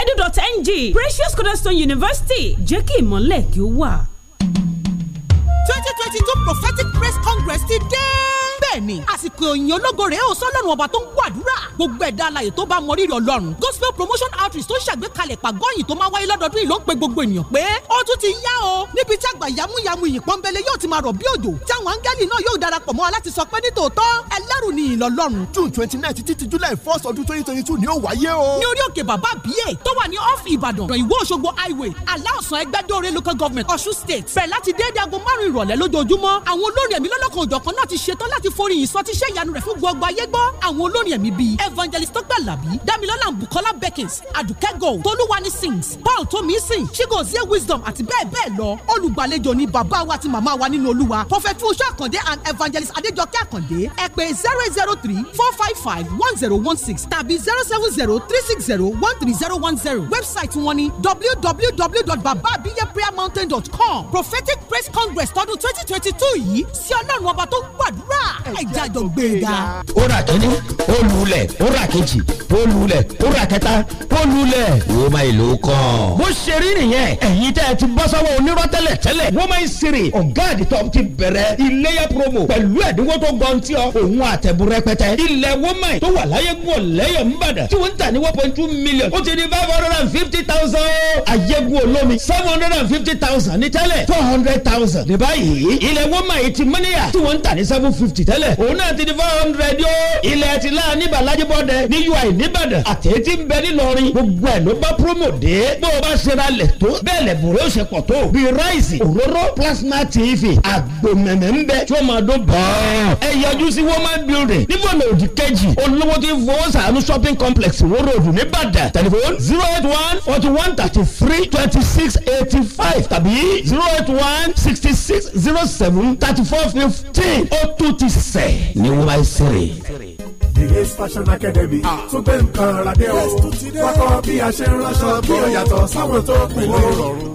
edu.ng Precious Cornerstone University jẹ́ kí ìmọ̀lẹ̀ kí ó wà. twenty twenty two prophetic Press congress ti dé bẹ́ẹ̀ ni àsìkò ìyìn ológo rèé o sọ́lọ́run ọba tó ń gbàdúrà gbogbo ẹ̀dá alàyè tó bá mọrírì ọlọ́run gospel promotion outreach tó ṣàgbékalẹ̀ pàgọ́yìn tó máa wáyé lọ́dọọdún yìí ló ń pe gbogbo ènìyàn pé ó tún ti yá o níbi tí àgbà yamuyamu yìí pọ́nbélé yóò ti máa rọ̀ bí òjò tí àwọn áńgẹ́lì náà yóò darapọ̀ mọ́ láti sọ pé nítòótọ́ ẹlẹ́rù ni ìlọlọ́run. june twenty nine títí july first ọdún twenty twenty two ni ó wáyé o. ní orí òkè bàbá bíyè tó wà ní ọ́ọ̀fù ìbàdàn rẹ̀ ìwó òṣogbo highway aláọ̀sán ẹgbẹ́dọ̀rẹ́ local government ọ̀ṣun state bẹ̀rẹ̀ láti déédéé aago márùn-ún ìrọ̀lẹ́ lójoojúmọ́ àwọn olórin ẹ̀mí lọ́lọ́kan òjọ̀kan náà ti ṣetán láti fo àforin ìsọtíṣẹ́ ìyanu rẹ̀ fún gbogbo ayé gbọ́ àwọn olórin ẹ̀mí bíi evangelist tọ́gbàlàbí damilọ́lá bukola beckins àdùkẹ́ gold tolúwani sings paul tomisin chigozie wisdom àti bẹ́ẹ̀ bẹ́ẹ̀ lọ olùgbàlejò ni bàbá wa àti màmá wa nínú olúwa prophet fúnṣọ́ àkàndé and evangelist adéjọkẹ́ àkàndé ẹ pè zero zero three four five five one zero one six tàbí zero seven zero three six zero one three zero one zero wẹ́bsáìtì wọn ni www.babaabiyeprayermountain.com prophetic praise congress tọdún twenty twenty two yìí sí ọlọ́run ọba tó gbàdúrà ẹ̀jájọ gbẹ̀gà. ó rà kíní ó lulẹ̀ ó rà kejì ó lulẹ̀ ó rà kẹta ó lulẹ̀ wọ́n máa ìlú kàn. bó ṣe rí nìyẹn ẹ̀yin tẹ́ ẹ ti bọ́ sọ́wọ́ onírọ́ tẹ́lẹ̀ tẹ́lẹ̀ wọ́n máa ń sèrè ọ̀gá àdìtọ́ ti bẹ̀rẹ̀ iléyà promo pẹ̀lú ẹ̀dínwó tó gan tí ọ òun àtẹ̀bù rẹpẹtẹ. ilẹ̀ wọ́mọ̀ tó wà láyé gùn ọ̀lẹ́yọ̀ ńbàdàn tí wọ́n ń tà ní one point two million ó ti di five hundred and fifty thousand ayégun olómi seven hundred and fifty thousand ní tẹ́lẹ̀ four hundred thousand ní báyìí ilẹ̀ wọ́mọ̀ yìí ti mọ́níyà tí wọ́n ń tà ní seven fifty tẹ́lẹ̀ tẹ́lẹ̀ òun náà ti di four hundred yó ilẹ̀ ti láà ní balaji bọ́dẹ ní ui nìbàdàn àtẹ̀tí ń bẹ nílọrin gbogbo ẹ̀ ló bá promo dé bó o bá ṣera lẹ̀ tó bẹ́ẹ̀ lẹ̀ bùrẹ́ ò ṣe pọ̀ tó bíi ráìsì òróró plasma tv àgbòmẹ̀mẹ̀ ń bẹ tí ó máa dún bọ́ọ̀ ẹ yọjú sí woman building nífọ̀nà òdì kejì olówó ti fowó sàánú shopping complex wó ròdù nìbàdàn tẹlifon zero eight one forty one thirty three twenty six eighty five tàbí zero eight one sixty six zero seven thirty four fifteen ó tún ti sí. Say, n'i wuba Siri. The Ace Fashion Academy ah. tún gbé nǹkan ràdé o. Wákọ̀ bí a ṣe ń ránṣọ bí ó yàtọ̀ sáwọn tó pinnu.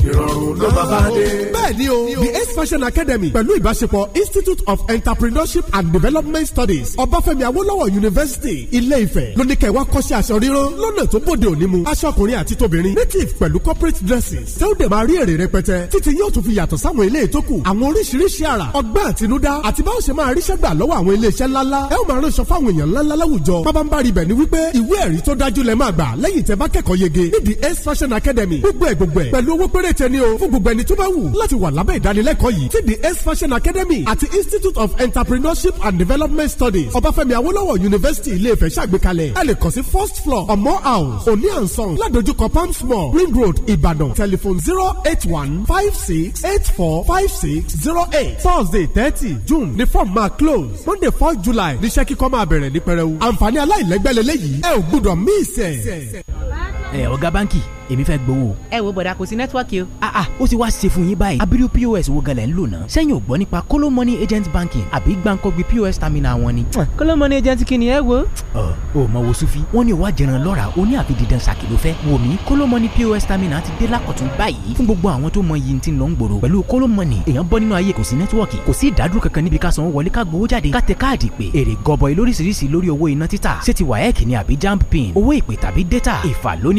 Ìrọ̀rùn ló máa bá ah. dé. Bẹ́ẹ̀ni o, The Ace Fashion Academy pẹ̀lú ìbáṣepọ̀ Institute of Entrepreneurship and Development Studies Ọbáfẹ́mi Awolowo University Ilé-Ifẹ̀ ló ní kẹwàá kọ́ṣẹ́ aṣọ rírán lọ́nà tó bóde òní mu. Aṣọ ọkùnrin àti tóbìnrin native pẹ̀lú corporate dresses tẹ́ ó dẹ̀ máa rí èrè rẹpẹtẹ títí yóò tún fi yàtọ̀ sáwọn ilé ìtókù àwọn oríṣiríṣi àrà ọgbẹ́ àtinúdá àti báwo ṣe máa ríṣẹ́ gbà lọ́wọ́ àwọn ilé iṣẹ́ ńláńlá ẹ ó máa ránṣọ fáwọn èèyàn ńlá ńláńlá láwùjọ pábánbárì bẹ̀ ni wípé ìwé ẹ̀rí tó dájú lẹ máa gbà lẹ́yìn tẹ́ bá kẹ́kọ̀ọ́ yege nídìí ace fashion academy gbogbo ẹ̀ gbogbo ẹ̀ pẹ̀lú owó péréte ni o fún gbogbo ẹni tó bá wù láti wà lábẹ́ ìdánilẹ́kọ̀ọ́ yìí ti the ace fashion academy àti institute of entrepreneurship and development studies ọbáfẹ́mi Awolowo university ilé-ifẹ̀ ṣàgbékalẹ̀ ẹ lè kàn sí first floor ọmọ house òní ànsán ládojúkọ palms mall ring road Ibadan. telephone zero eight one five six eight four five six zero eight thursday thirty june ni form máa close monday four july níṣẹ́ kíkọ́ máa bẹ̀rẹ̀ ní ní pẹrẹwu àǹfààní aláìlẹ́gbẹ́lẹ́lẹ́yìí ẹ ò gbúdọ̀ míì sẹ̀ ẹ ọ̀gá báǹkì èmi fẹ́ gbowó. ẹ wo bọ̀dà kò sí nẹ́tíwọ́ọ̀kì o. ah ah ó ti wá ṣe fún yín báyìí. abiru pos wo galẹ̀ ń lò náà. sẹ́yìn ò gbọ́ nípa kóló money agent banking àbí gbàǹkọ́gbì pos terminal wọn ni. kóló money agent kí ni ẹ wo. ọ ò mọ wo sufi wọn ní ìwà jẹran lọ́ra ó ní àfi dídán ṣàkì ló fẹ́. wò mí kóló money pos terminal ti dé lákọ̀tún báyìí. fún gbogbo àwọn tó mọ iye tí ń lọ ń gbòòrò pẹ̀lú kóló money èèyàn bọ́ nínú ayé kò sí nẹ́tíwọ́ọ̀kì kò sí ìdádúró kankan níbi ká sanwó wọlé ká gbowó jáde ká tẹ káàdì pé èrè gọbọi lóríṣiríṣi lórí owó iná títà ṣé ti wáyẹ̀kì ni àbí jamb pin owó ìpè tàbí data ìfà lóní